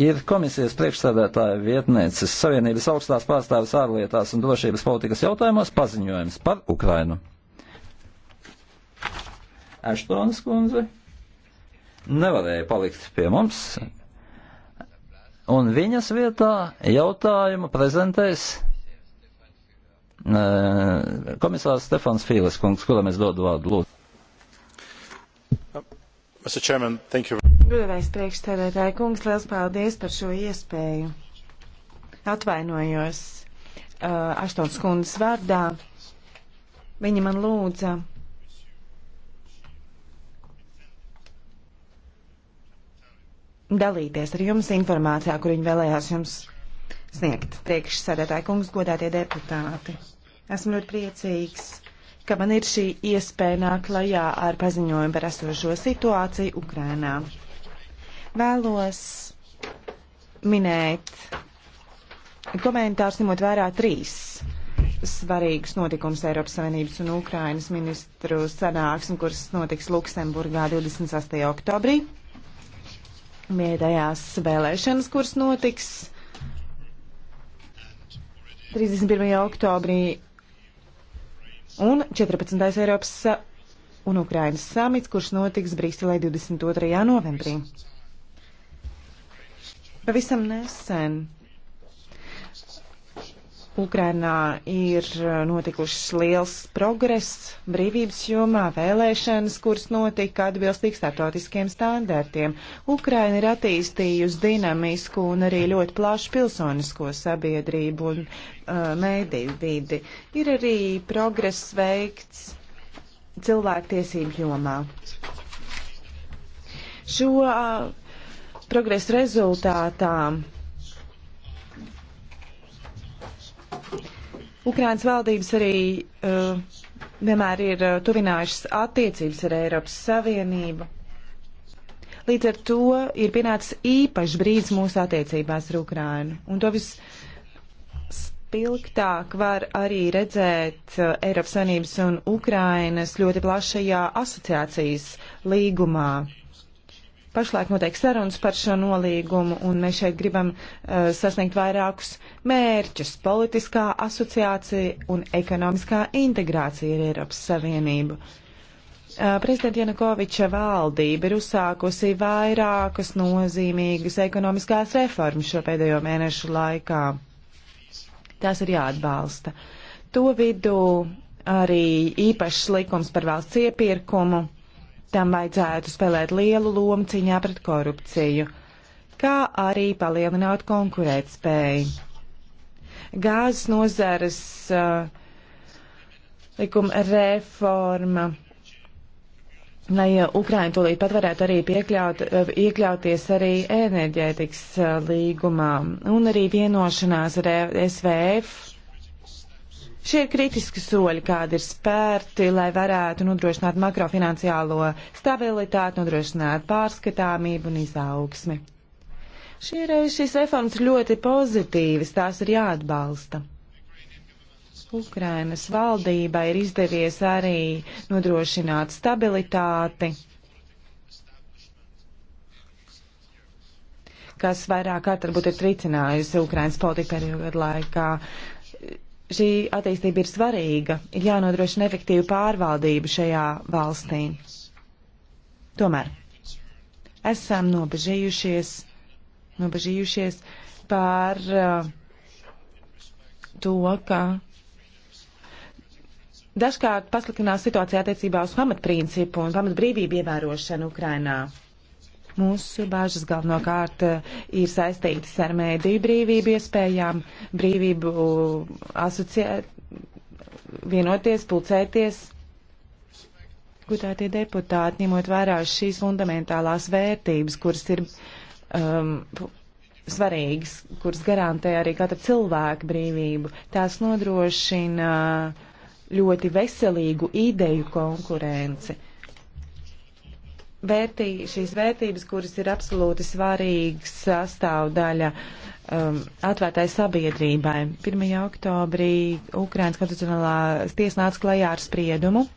ir komisijas priekšsēdētāja vietnieces Savienības augstās pārstāvis ārlietās un drošības politikas jautājumos paziņojums par Ukrainu. Ashtonas kundze nevarēja palikt pie mums, un viņas vietā jautājumu prezentēs uh, komisārs Stefans Fīles kungs, kuram es dodu vārdu lūdzu. Mr. Chairman, thank you. Godātais priekšstādētāji kungs, liels paldies par šo iespēju. Atvainojos uh, Aštons kundas vārdā. Viņa man lūdza dalīties ar jums informācijā, kur viņi vēlējās jums sniegt. Priekšsēdētāji kungs, godātie deputāti. Esmu ļoti priecīgs, ka man ir šī iespēja nākt klajā ar paziņojumu par esošo situāciju Ukrainā. Vēlos minēt komentārs, ņemot vērā trīs svarīgus notikumus Eiropas Savienības un Ukrainas ministru sanāksmi, kuras notiks Luksemburgā 28. oktobrī. Vietējās vēlēšanas, kuras notiks 31. oktobrī un 14. Eiropas un Ukrainas samits, kurš notiks Brīselē 22. novembrī. Pavisam nesen Ukrainā ir uh, notikušas liels progress brīvības jomā, vēlēšanas, kuras notika atbilstīgi startautiskiem standartiem. Ukraina ir attīstījusi dinamisku un arī ļoti plašu pilsonisko sabiedrību un uh, mēdīju vidi. Ir arī progress veikts cilvēktiesību jomā. Šo uh, progresa rezultātā Ukrainas valdības arī uh, vienmēr ir uh, tuvinājušas attiecības ar Eiropas Savienību. Līdz ar to ir pienācis īpašs brīdis mūsu attiecībās ar Ukrainu. Un to viss spilgtāk var arī redzēt uh, Eiropas Savienības un Ukrainas ļoti plašajā asociācijas līgumā. Pašlaik notiek sarunas par šo nolīgumu, un mēs šeit gribam uh, sasniegt vairākus mērķus - politiskā asociācija un ekonomiskā integrācija ar Eiropas Savienību. Uh, eh, Prezidenta Janukoviča valdība ir uzsākusi vairākas nozīmīgas ekonomiskās reformas šo pēdējo mēnešu laikā. Tās ir jāatbalsta. To vidū arī īpašs likums par valsts iepirkumu tam vajadzētu spēlēt lielu lomu cīņā pret korupciju, kā arī palielināt konkurētspēju. Gāzes nozares uh, likuma reforma, lai uh, Ukraina tūlīt pat varētu arī piekļaut, uh, iekļauties arī enerģētikas uh, līgumā un arī vienošanās ar e SVF Šie ir kritiski soļi, kādi ir spērti, lai varētu nodrošināt makrofinanciālo stabilitāti, nodrošināt pārskatāmību un izaugsmi. Šī reize šīs reformas ļoti pozitīvas, tās ir jāatbalsta. Ukrainas valdība ir izdevies arī nodrošināt stabilitāti, kas vairāk kārt varbūt ir tricinājusi Ukrainas politiku pēdējo gadu laikā. Uh, šī attīstība ir svarīga, ir jānodrošina efektīva pārvaldība šajā valstī. Tomēr esam nobežījušies, nobežījušies par uh, to, ka dažkārt pasliktinās situācija attiecībā uz pamatprincipu un pamatbrīvību ievērošanu Ukrainā. Mūsu bāžas galvenokārt eh, ir saistītas ar mēdīju brīvību iespējām, brīvību eh, asociēt, vienoties, pulcēties. Gutātie deputāti, ņemot vērā šīs fundamentālās vērtības, kuras ir um, svarīgas, kuras garantē arī katra cilvēka brīvību, tās nodrošina ļoti veselīgu ideju konkurenci. Uh, vērtī, šīs vērtības, kuras ir absolūti svarīgas sastāvdaļa um, atvērtai sabiedrībai. 1. oktobrī Ukrainas konstitucionālā tiesnāca klajā ar spriedumu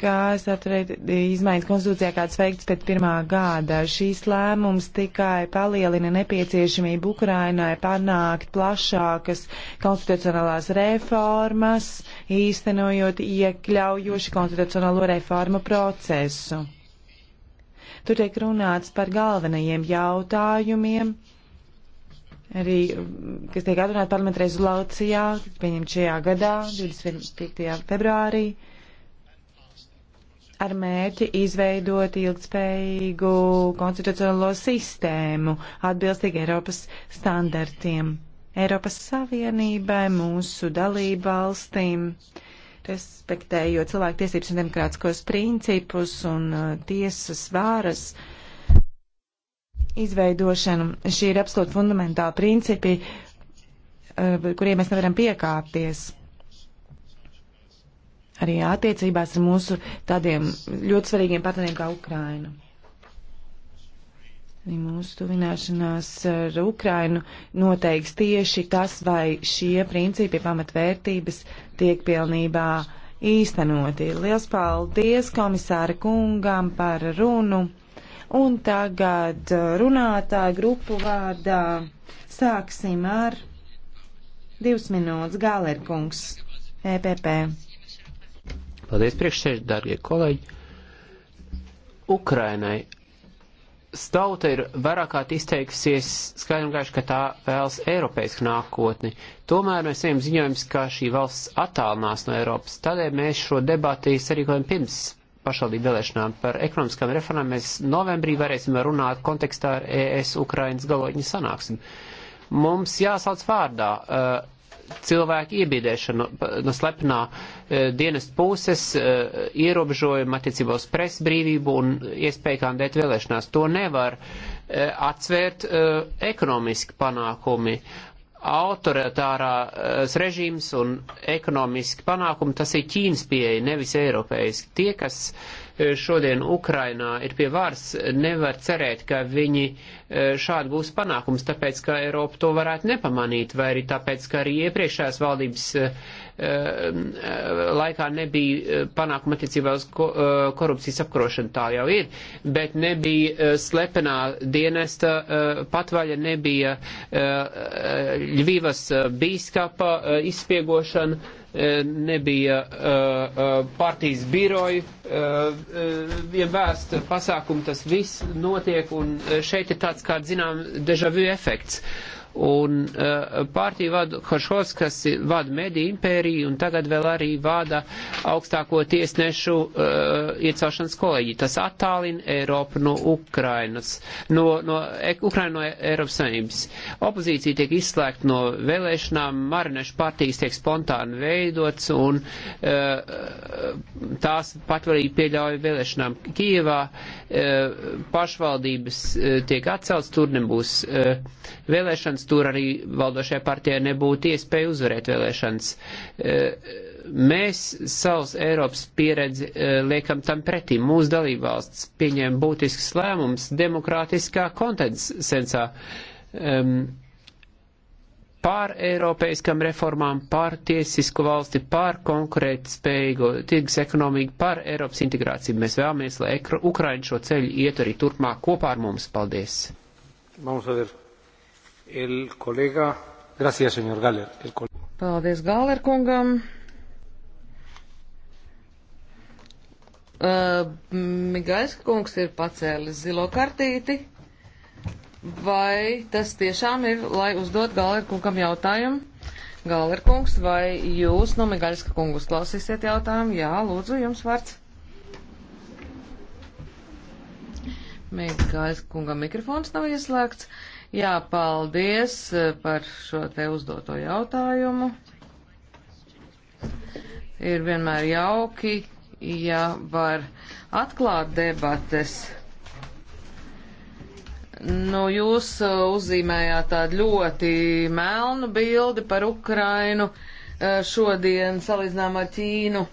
kas atturēt izmaiņas konstitūcijā kāds veikts pēc pirmā gada. Šīs lēmums tikai palielina nepieciešamību Ukrainai panākt plašākas konstitucionālās reformas, īstenojot iekļaujoši konstitucionālo reformu procesu. Tur tiek runāts par galvenajiem jautājumiem, arī, kas tiek atrunāti parlamenta rezolācijā, pieņemt šajā gadā, 25. februārī ar mērķi izveidot ilgspējīgu konstitucionālo sistēmu atbilstīgi Eiropas standartiem. Eiropas Savienībai, mūsu dalību valstīm, respektējot cilvēku tiesības un demokrātiskos principus un uh, tiesas vāras izveidošanu. Šie ir absolūti fundamentāli principi, uh, kuriem mēs nevaram piekāpties arī attiecībās ar mūsu tādiem ļoti svarīgiem partneriem kā Ukraina. Arī mūsu tuvināšanās ar Ukrainu noteiks tieši tas, vai šie principi pamatvērtības tiek pilnībā īstenoti. Liels paldies komisāra kungam par runu. Un tagad runātāju grupu vārdā sāksim ar divas minūtes Galerkungs, EPP. Paldies priekšsēž, dārgie kolēģi. Ukrainai tauta ir vairāk kā izteiksies skaidrgaiši, ka tā vēlas Eiropeisku nākotni. Tomēr mēs saņem ziņojums, ka šī valsts attālinās no Eiropas. Tādēļ mēs šo debatī sarīkojam pirms pašvaldību vēlēšanām par ekonomiskām reformām. Mēs novembrī varēsim runāt kontekstā ar ES Ukrainas galotņu sanāksim. Mums jāsauc vārdā. Uh, cilvēku iebiedēšanu no slepenā e, dienas puses, e, ierobežojumu attiecībā uz presbrīvību un iespēju kandēt vēlēšanās. To nevar e, atsvērt ekonomiski panākumi. Autoritārās režīms un ekonomiski panākumi, tas ir Ķīnas pieeja, nevis eiropeiski. Tie, kas uh, šodien Ukrainā ir pie varas, nevar cerēt, ka viņi e, šādi būs panākums, tāpēc, ka Eiropa to varētu nepamanīt, vai arī tāpēc, ka arī iepriekšējās valdības e, e, laikā nebija panākuma attiecībā uz korupcijas apkrošanu, tā jau ir, bet nebija slepenā dienesta patvaļa, nebija Ļvivas bīskapa izspiegošana Eh, nebija eh, eh, partijas biroju, vien vēst pasākumu, tas viss notiek, un šeit ir tāds, kā zinām, deja vu efekts. Uh, un uh, eh, partiju vada Hošos, kas vada mediju impēriju un tagad vēl arī vada augstāko tiesnešu uh, iecelšanas kolēģi. Tas attālina Eiropu no Ukrainas, no, no e, Ukraina no Eiropas saimnības. Opozīcija tiek izslēgta no vēlēšanām, marinešu partijas tiek spontāni veidots un uh, tās patvarīgi pieļauj vēlēšanām. Kievā uh, pašvaldības uh, tiek atcelts, tur nebūs uh, vēlēšanas vēlēšanas, tur arī valdošajai partijai nebūtu iespēja uzvarēt vēlēšanas. E, mēs savus Eiropas pieredzi e, liekam tam pretī. Mūsu dalībvalsts pieņēma būtisks lēmums demokrātiskā kontensensā. Um, pār Eiropeiskam reformām, pār tiesisku valsti, pār konkrēti spējīgo tirgus ekonomiku, pār Eiropas integrāciju. Mēs vēlamies, lai Ukraina šo ceļu iet arī turpmāk kopā ar mums. Paldies! Mums ir. El kolega... Gracias, señor Galler. El kol... Paldies Galler kungam. Uh, Migais kungs ir pacēlis zilo kartīti. Vai tas tiešām ir, lai uzdot Galler kungam jautājumu? Galler kungs, vai jūs no Migaļska kungus klausīsiet jautājumu? Jā, lūdzu, jums vārds. Migaļska kungam mikrofons nav ieslēgts. Uh, Jā, paldies eh, par šo te uzdoto jautājumu. Ir vienmēr jauki, ja var atklāt debates. Nu, jūs eh, uzzīmējāt tādu ļoti melnu bildi par Ukrainu eh, šodien salīdzinām ar Ķīnu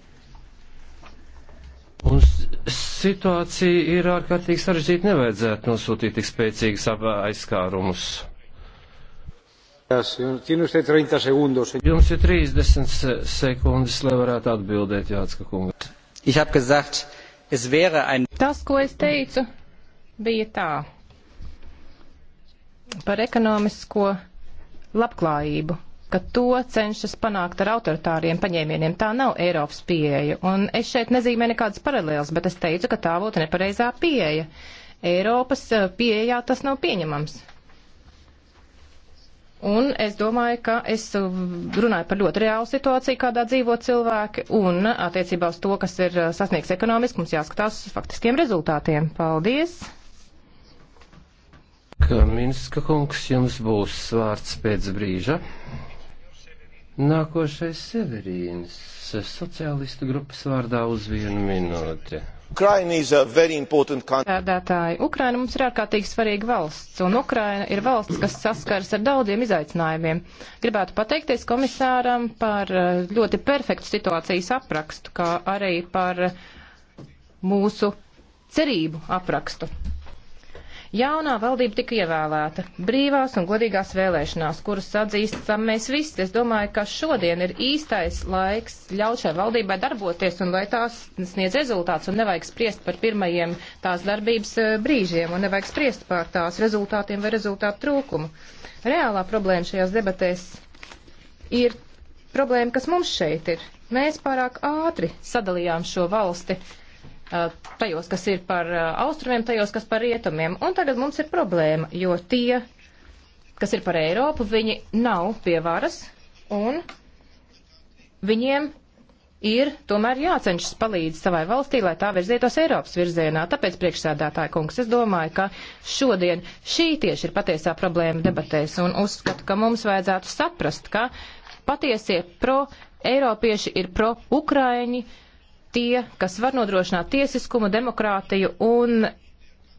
situācija ir ārkārtīgi sarežģīta. Nevajadzētu nosūtīt tik spēcīgus aizskārumus. Jums ir 30 sekundes, lai varētu atbildēt Jācka kunga. Tas, ko es teicu, bija tā par ekonomisko labklājību ka to cenšas panākt ar autoritāriem paņēmieniem. Tā nav Eiropas pieeja. Un es šeit nezīmēju nekādas paralēlas, bet es teicu, ka tā būtu nepareizā pieeja. Eiropas eh, pieejā tas nav pieņemams. Un es domāju, ka es eh, runāju par ļoti reālu situāciju, kādā dzīvo cilvēki, un attiecībā uz to, kas ir eh, sasniegts ekonomiski, mums jāskatās uz faktiskiem rezultātiem. Paldies! Kaminska kungs, jums būs vārds pēc brīža. Nākošais Severīns, sociālistu grupas vārdā uz vienu minūti. Tādētāji, Ukraina mums ir ārkārtīgi svarīga valsts, un Ukraina ir valsts, kas saskars ar daudziem izaicinājumiem. Gribētu pateikties komisāram par eh, ļoti perfektu situācijas aprakstu, kā arī par eh, mūsu cerību aprakstu. Jaunā valdība tika ievēlēta brīvās un godīgās vēlēšanās, kuras atzīstam mēs visi. Es domāju, ka šodien ir īstais laiks ļaut šai valdībai darboties un lai tās sniedz rezultāts un nevajag spriest par pirmajiem tās darbības eh, brīžiem un nevajag spriest par tās rezultātiem vai rezultātu trūkumu. Reālā problēma šajās debatēs ir problēma, kas mums šeit ir. Mēs pārāk ātri sadalījām šo valsti Uh, tajos, kas ir par uh, austrumiem, tajos, kas par rietumiem. Un tagad mums ir problēma, jo tie, kas ir par Eiropu, viņi nav pie varas un viņiem ir tomēr jācenšas palīdz savai valstī, lai tā virzītos Eiropas virzienā. Tāpēc, priekšsēdētāji kungs, es domāju, ka šodien šī tieši ir patiesā problēma debatēs un uzskatu, ka mums vajadzētu saprast, ka patiesie pro-eiropieši ir pro-ukraiņi, uh, tie, kas var nodrošināt tiesiskumu, demokrātiju un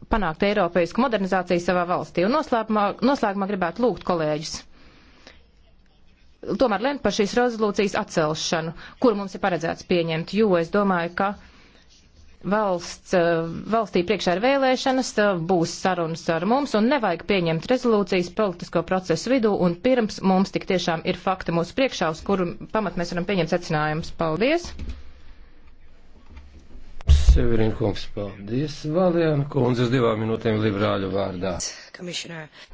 panākt eiropeisku modernizāciju savā valstī. Un noslēgumā, noslēgumā gribētu lūgt kolēģis tomēr lemt par šīs rezolūcijas atcelšanu, kur mums ir paredzēts pieņemt, jo es domāju, ka valsts, eh, valstī priekšā ir vēlēšanas, eh, būs sarunas ar mums un nevajag pieņemt rezolūcijas politisko procesu vidū un pirms mums tik tiešām ir fakti mūsu priekšā, uz kuru pamat mēs varam pieņemt secinājumus. Paldies! Severina kungs, paldies. Valjana kundze uz divām minūtēm liberāļu vārdā.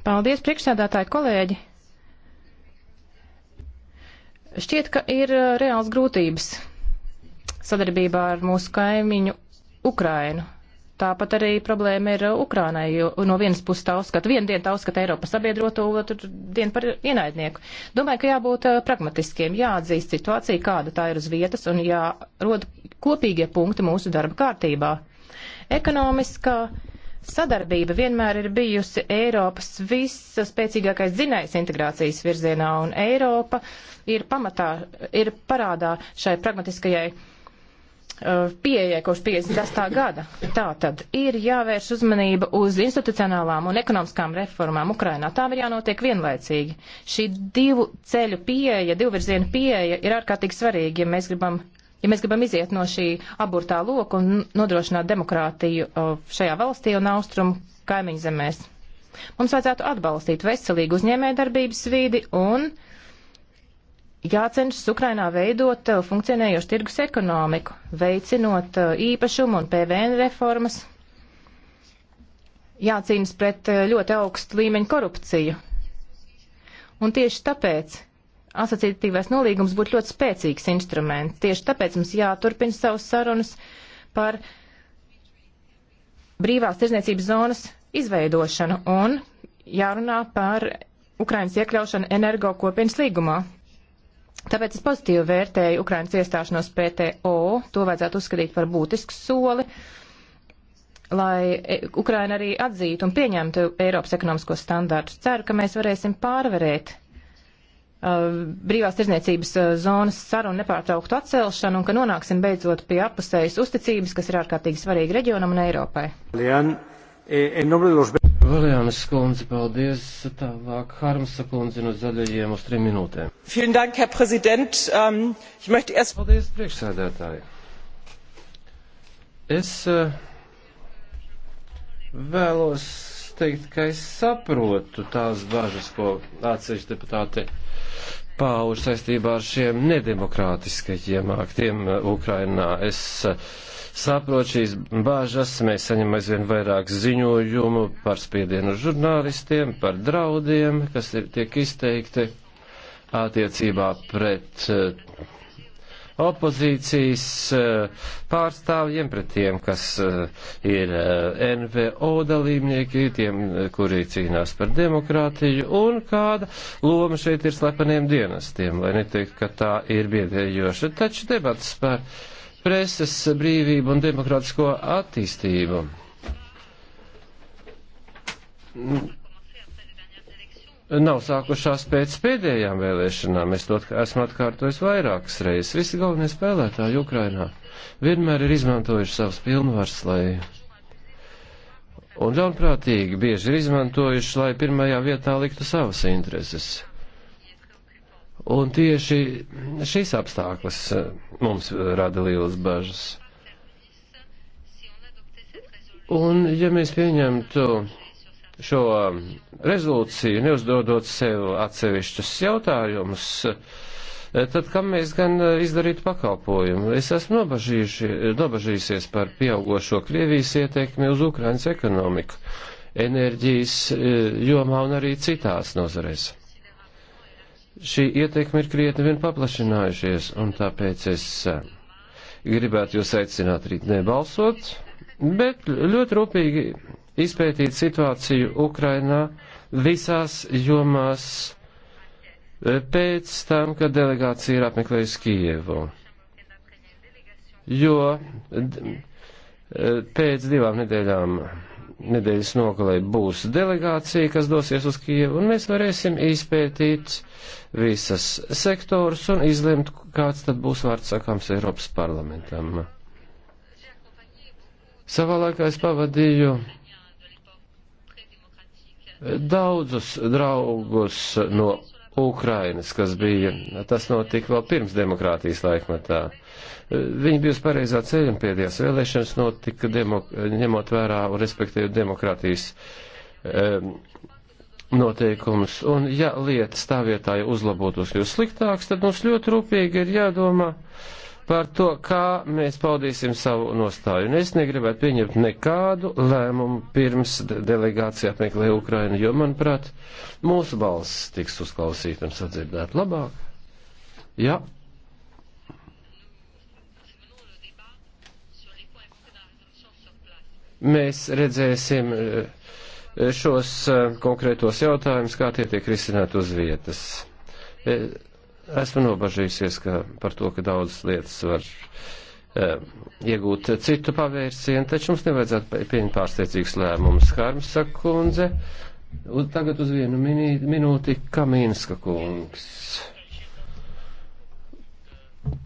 Paldies, priekšsēdētāji kolēģi. Šķiet, ka ir uh, reāls grūtības sadarbībā ar mūsu kaimiņu Ukrainu. Tāpat arī problēma ir uh, Ukrānai, jo no vienas puses tā uzskata, vienu dienu tā uzskata Eiropas sabiedroto, otru dienu par ienaidnieku. Domāju, ka jābūt uh, pragmatiskiem, jāatzīst situācija, kāda tā ir uz vietas un jārod kopīgie punkti mūsu darba kārtībā. Ekonomiskā sadarbība vienmēr ir bijusi Eiropas visspēcīgākais dzinējs integrācijas virzienā un Eiropa ir pamatā, ir parādā šai pragmatiskajai Uh, pieejai kopš 50. gada. Tā tad ir jāvērš uzmanība uz institucionālām un ekonomiskām reformām Ukrainā. Tām ir jānotiek vienlaicīgi. Šī divu ceļu pieeja, divu virzienu pieeja ir ārkārtīgi svarīga, ja mēs gribam. Ja mēs gribam iziet no šī aburtā loka un nodrošināt demokrātiju uh, šajā valstī un austrumu kaimiņzemēs, mums vajadzētu atbalstīt veselīgu uzņēmējdarbības vīdi un uh, jācenšas Ukrainā veidot eh, funkcionējošu tirgus ekonomiku, veicinot eh, īpašumu un PVN reformas, jācīnas pret eh, ļoti augstu līmeņu korupciju. Un tieši tāpēc asociatīvais nolīgums būtu ļoti spēcīgs instruments. Tieši tāpēc mums jāturpina savas sarunas par brīvās tirzniecības zonas izveidošanu un jārunā par Ukrainas iekļaušanu energo kopienas līgumā. Tāpēc es pozitīvi vērtēju Ukrainas iestāšanos PTO, to vajadzētu uzskatīt par būtisku soli, lai e, Ukraina arī atzītu un pieņemtu Eiropas ekonomiskos standārtus. Ceru, ka mēs varēsim pārvarēt uh, brīvās tirzniecības uh, zonas sarunu nepārtrauktu atcelšanu un ka nonāksim beidzot pie apusējas uzticības, kas ir ārkārtīgi svarīga reģionam un Eiropai. Lian, e, e Valēnas skundze, paldies. Tālāk Harmsa kundze no zaļajiem uz trim minūtēm. Vielen dank, Herr Präsident. Um, ich möchte erst... Paldies, priekšsēdētāji. Es uh, vēlos teikt, ka es saprotu tās bažas, ko atsevišķi deputāti pauž saistībā ar šiem nedemokrātiskajiem aktiem äh, Ukrainā. Es uh, saprot šīs bāžas. Mēs saņem aizvien vairāk ziņojumu par spiedienu žurnālistiem, par draudiem, kas ir, tiek izteikti attiecībā pret eh, opozīcijas eh, pārstāvjiem, pret tiem, kas eh, ir NVO dalībnieki, tiem, kuri cīnās par demokrātiju, un kāda loma šeit ir slepeniem dienestiem, lai neteikt, ka tā ir biedējoša. Taču debats par preses brīvību un demokrātisko attīstību. Nav sākušās pēc pēdējām vēlēšanām, es to esmu atkārtojis vairākas reizes. Visi galvenie spēlētāji Ukrainā vienmēr ir izmantojuši savus pilnvars, lai un ļaunprātīgi bieži ir izmantojuši, lai pirmajā vietā liktu savas intereses. Un tieši šis apstākļus eh, mums eh, rada lielas bažas. Un ja mēs pieņemtu šo eh, rezolūciju, neuzdodot sev atsevišķus jautājumus, tad kam mēs gan izdarītu pakalpojumu? Es esmu nobažījusies par pieaugošo Krievijas ietekmi uz Ukrainas ekonomiku, enerģijas jomā un arī citās nozarēs šī ietekme ir krietni vien paplašinājušies, un tāpēc es eh, gribētu jūs aicināt rīt nebalsot, bet ļoti rūpīgi izpētīt situāciju Ukrainā visās jomās eh, pēc tam, kad delegācija ir apmeklējusi Kijievu. Jo eh, pēc divām nedēļām nedēļas nogalē būs delegācija, kas dosies uz Kievu, un mēs varēsim izpētīt visas sektors un izlemt, kāds tad būs vārds sakāms Eiropas parlamentam. Savā laikā es pavadīju daudzus draugus no Ukrainas, kas bija, tas notika vēl pirms demokrātijas laikmatā. Viņi bija uz pareizā ceļa un pēdējās vēlēšanas notika, demok ņemot vērā un respektējot demokrātijas um, noteikumus. Un ja lieta stāvvietā jau uzlabotos kļūst sliktāks, tad mums ļoti rūpīgi ir jādomā par to, kā mēs paudīsim savu nostāju. Un es negribētu pieņemt nekādu lēmumu pirms delegācija apmeklē Ukrainu, jo, manuprāt, mūsu balss tiks uzklausīta un sadzirdēta labāk. Ja mēs redzēsim eh, šos eh, konkrētos jautājumus, kā tie tiek risināti uz vietas. Eh, esmu nobažījusies ka par to, ka daudzas lietas var iegūt citu pavērsienu, taču mums nevajadzētu pieņemt pārsteidzīgus lēmumus. Harms sakundze, un tagad uz vienu minūti Kamīnska kungs.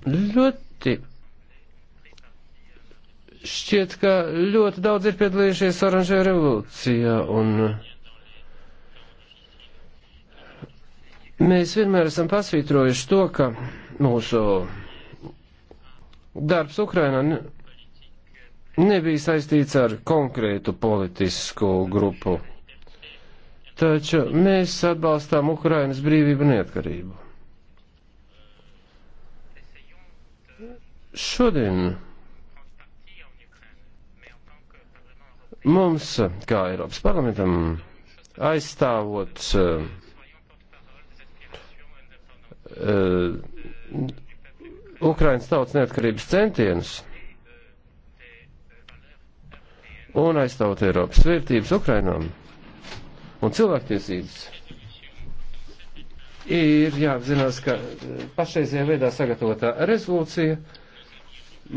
Ļoti Šķiet, ka ļoti daudz ir piedalījušies oranžajā revolūcijā, un mēs vienmēr esam pasvītrojuši to, ka mūsu darbs Ukrainā nebija saistīts ar konkrētu politisku grupu, taču mēs atbalstām Ukrainas brīvību un neatkarību. Šodien Mums, kā Eiropas parlamentam, aizstāvot uh, Ukrainas tautas neatkarības centienus un aizstāvot Eiropas vērtības Ukrainām un cilvēktiesības, ir jāapzinās, ka pašreizajā veidā sagatavotā rezolūcija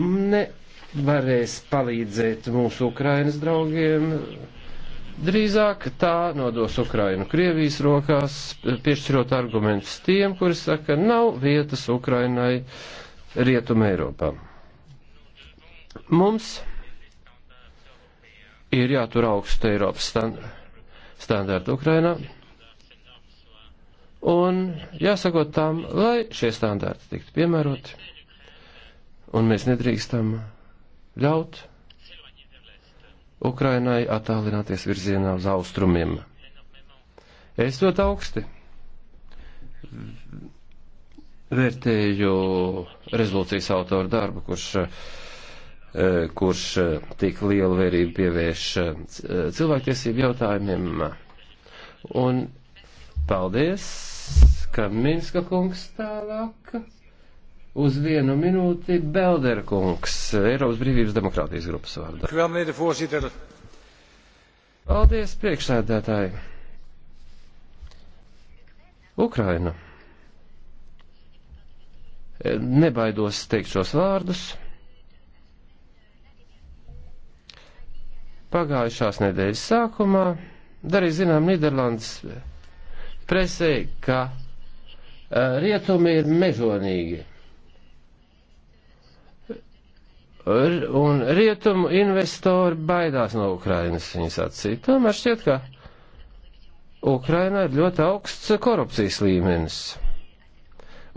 ne varēs palīdzēt mūsu Ukrainas draugiem. Drīzāk tā nodos Ukrainu Krievijas rokās, piešķirot argumentus tiem, kuri saka, nav vietas Ukrainai Rietuma Eiropā. Mums ir jātur augstu Eiropas stand standārtu Ukrainā. Un jāsakot tam, lai šie standārti tiktu piemēroti. Un mēs nedrīkstam ļaut Ukrainai attālināties virzienā uz austrumiem. Es ļoti augsti vērtēju rezolūcijas autoru darbu, kurš, eh, kurš tik lielu vērību pievērš eh, cilvēktiesību jautājumiem. Un paldies, ka Minska kungs tālāk. Uz vienu minūti Belderkungs, Eiropas Brīvības demokrātijas grupas vārdā. Paldies, priekšsēdētāji! Ukraina. Nebaidos teikt šos vārdus. Pagājušās nedēļas sākumā darīja zinām Nīderlandes presē, ka eh, rietumi ir mežonīgi. un rietumu investori baidās no Ukrainas, viņas acīja. Tomēr šķiet, ka Ukrainā ir ļoti augsts korupcijas līmenis.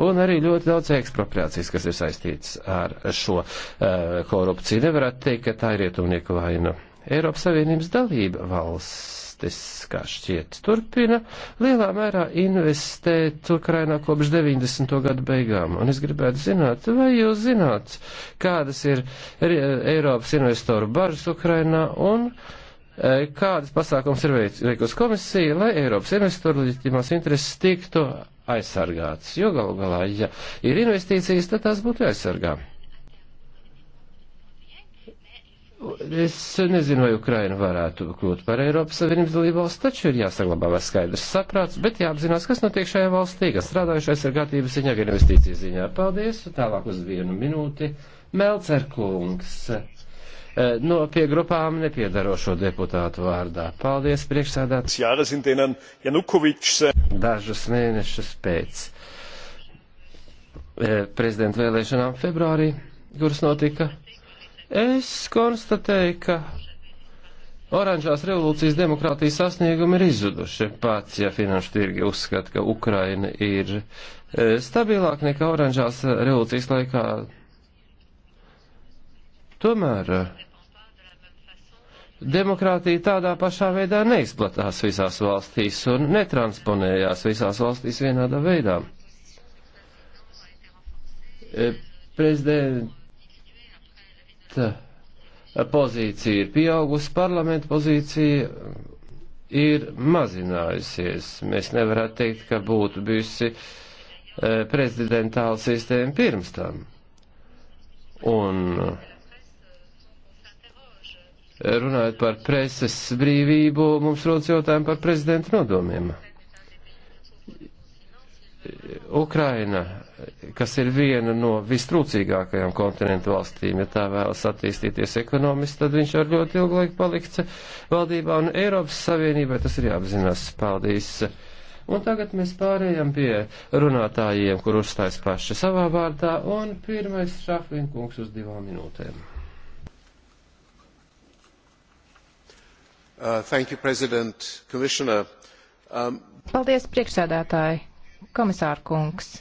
Un arī ļoti daudz ekspropriācijas, kas ir saistīts ar šo uh, korupciju. Nevarētu teikt, ka tā ir rietumnieku vaina. Eiropas Savienības dalība valsts valstis, kā šķiet, turpina lielā mērā investēt Ukrainā kopš 90. gadu beigām. Un es gribētu zināt, vai jūs zināt, kādas ir Eiropas investoru bažas Ukrainā un e, kādas pasākums ir veikusi komisija, lai Eiropas investoru leģitimās intereses tiktu aizsargātas. Jo galu galā, ja ir investīcijas, tad tās būtu jāaizsargā. Es nezinu, vai Ukraina varētu kļūt par Eiropas Savienības dalību valsts, taču ir jāsaglabā vēl skaidrs saprāts, bet jāapzinās, kas notiek šajā valstī, gan strādājušais ar gatības ziņā, gan investīcijas ziņā. Paldies, tālāk uz vienu minūti. Melcerkungs eh, no pie grupām nepiedarošo deputātu vārdā. Paldies, priekšsēdātājs. Eh, Dažus mēnešus pēc eh, prezidenta vēlēšanām februārī, kuras notika Es konstatēju, ka oranžās revolūcijas demokrātijas sasniegumi ir izzuduši, pats, ja finanšu tirgi uzskata, ka Ukraina ir e, stabilāk nekā oranžās revolūcijas laikā. Tomēr e, demokrātija tādā pašā veidā neizplatās visās valstīs un netransponējās visās valstīs vienādā veidā. E, prezident Eh, pozīcija ir pieaugusi, parlamenta pozīcija eh, ir mazinājusies. Mēs nevarētu teikt, ka būtu bijusi eh, prezidentāla sistēma pirms tam. Un runājot par preses brīvību, mums rodas jautājumi par prezidenta nodomiem. Ukraina kas ir viena no vistrūcīgākajām kontinentu valstīm, ja tā vēlas attīstīties ekonomiski, tad viņš var ļoti ilgu laiku palikt valdībā un Eiropas Savienībai tas ir jāapzinās. Paldies! Un tagad mēs pārējām pie runātājiem, kur uzstājas paši savā vārdā, un pirmais Šaflinkungs uz divām minūtēm. Uh, thank you, President, Commissioner. Um, Paldies, priekšsēdētāji, komisārkungs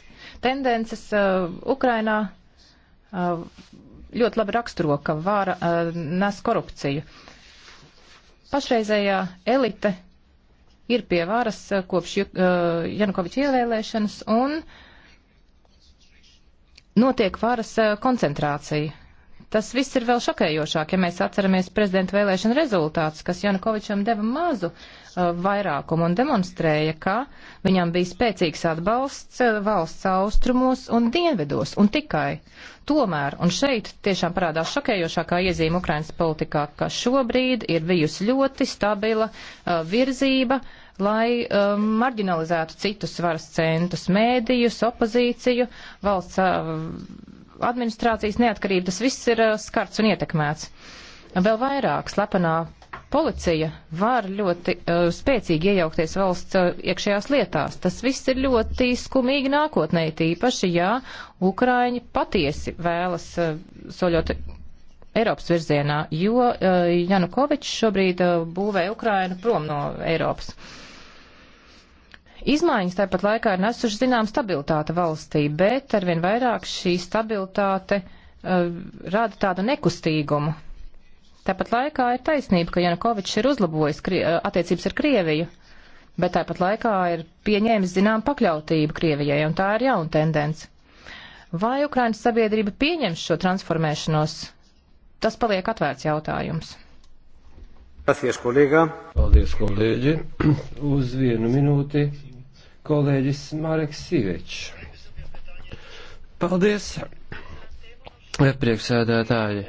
tendences uh, Ukrainā uh, ļoti labi raksturo, ka vāra uh, nes korupciju. Pašreizējā elite ir pie varas kopš Janukoviča ievēlēšanas un notiek varas koncentrācija Tas viss ir vēl šokējošāk, ja mēs atceramies prezidenta vēlēšana rezultātus, kas Janukovičam deva mazu uh, vairākumu un demonstrēja, ka viņam bija spēcīgs atbalsts uh, valsts austrumos un dienvedos un tikai. Tomēr, un šeit tiešām parādās šokējošākā iezīme Ukrainas politikā, ka šobrīd ir bijusi ļoti stabila uh, virzība, lai um, marginalizētu citus varas centus, mēdījus, opozīciju, valsts. Uh, administrācijas neatkarība, tas viss ir eh, skarts un ietekmēts. Vēl vairāk slepenā policija var ļoti uh, spēcīgi iejaukties valsts uh, iekšējās lietās. Tas viss ir ļoti skumīgi nākotnē, tīpaši, ja Ukraiņi patiesi vēlas uh, soļot Eiropas virzienā, jo uh, Janukovičs šobrīd uh, būvē Ukrainu prom no Eiropas. Uh, Izmaiņas tāpat laikā ir nesuši zinām stabilitāte valstī, bet arvien vairāk šī stabilitāte uh, rada tādu nekustīgumu. Tāpat laikā ir taisnība, ka Janukovičs ir uzlabojis eh, attiecības ar Krieviju, bet tāpat laikā ir pieņēmis zinām pakļautību Krievijai, un tā ir jauna tendence. Vai Ukrainas sabiedrība pieņems šo transformēšanos? Tas paliek atvērts jautājums. Paldies, kolēģi. Paldies, kolēģi. Uz vienu minūti kolēģis Mareks Sīvečs. Paldies, priekšsēdētāji.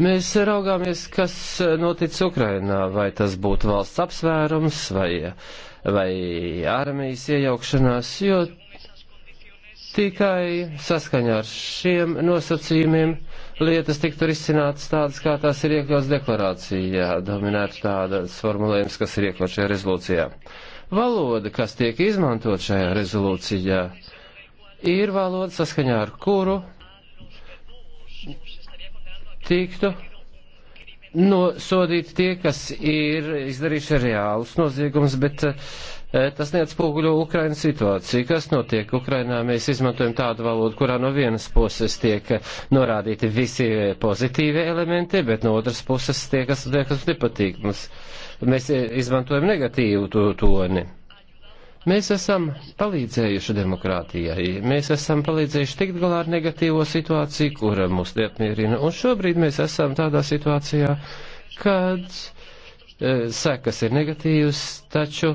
Mēs raugāmies, kas notic Ukrainā, vai tas būtu valsts apsvērums vai, vai armijas iejaukšanās, jo tikai saskaņā ar šiem nosacījumiem lietas tiktu risinātas tādas, kā tās ir iekļauts deklarācijā, dominētu tādas formulējums, kas ir iekļauts šajā rezolūcijā. Uh, Valoda, kas tiek izmantot šajā rezolūcijā, ir valoda saskaņā ar kuru tiktu nosodīti tie, kas ir izdarījuši reālus noziegumus, bet uh, Eh, tas neatspoguļo Ukrainas situāciju. Kas notiek Ukrainā? Mēs izmantojam tādu valodu, kurā no vienas puses tiek norādīti visi pozitīvie elementi, bet no otras puses tie, kas, tie, kas nepatīk mums. Mēs eh, izmantojam negatīvu to toni. Mēs esam palīdzējuši demokrātijai, mēs esam palīdzējuši tikt galā ar negatīvo situāciju, kura mūs neapmierina, un šobrīd mēs esam tādā situācijā, kad e, sekas ir negatīvas, taču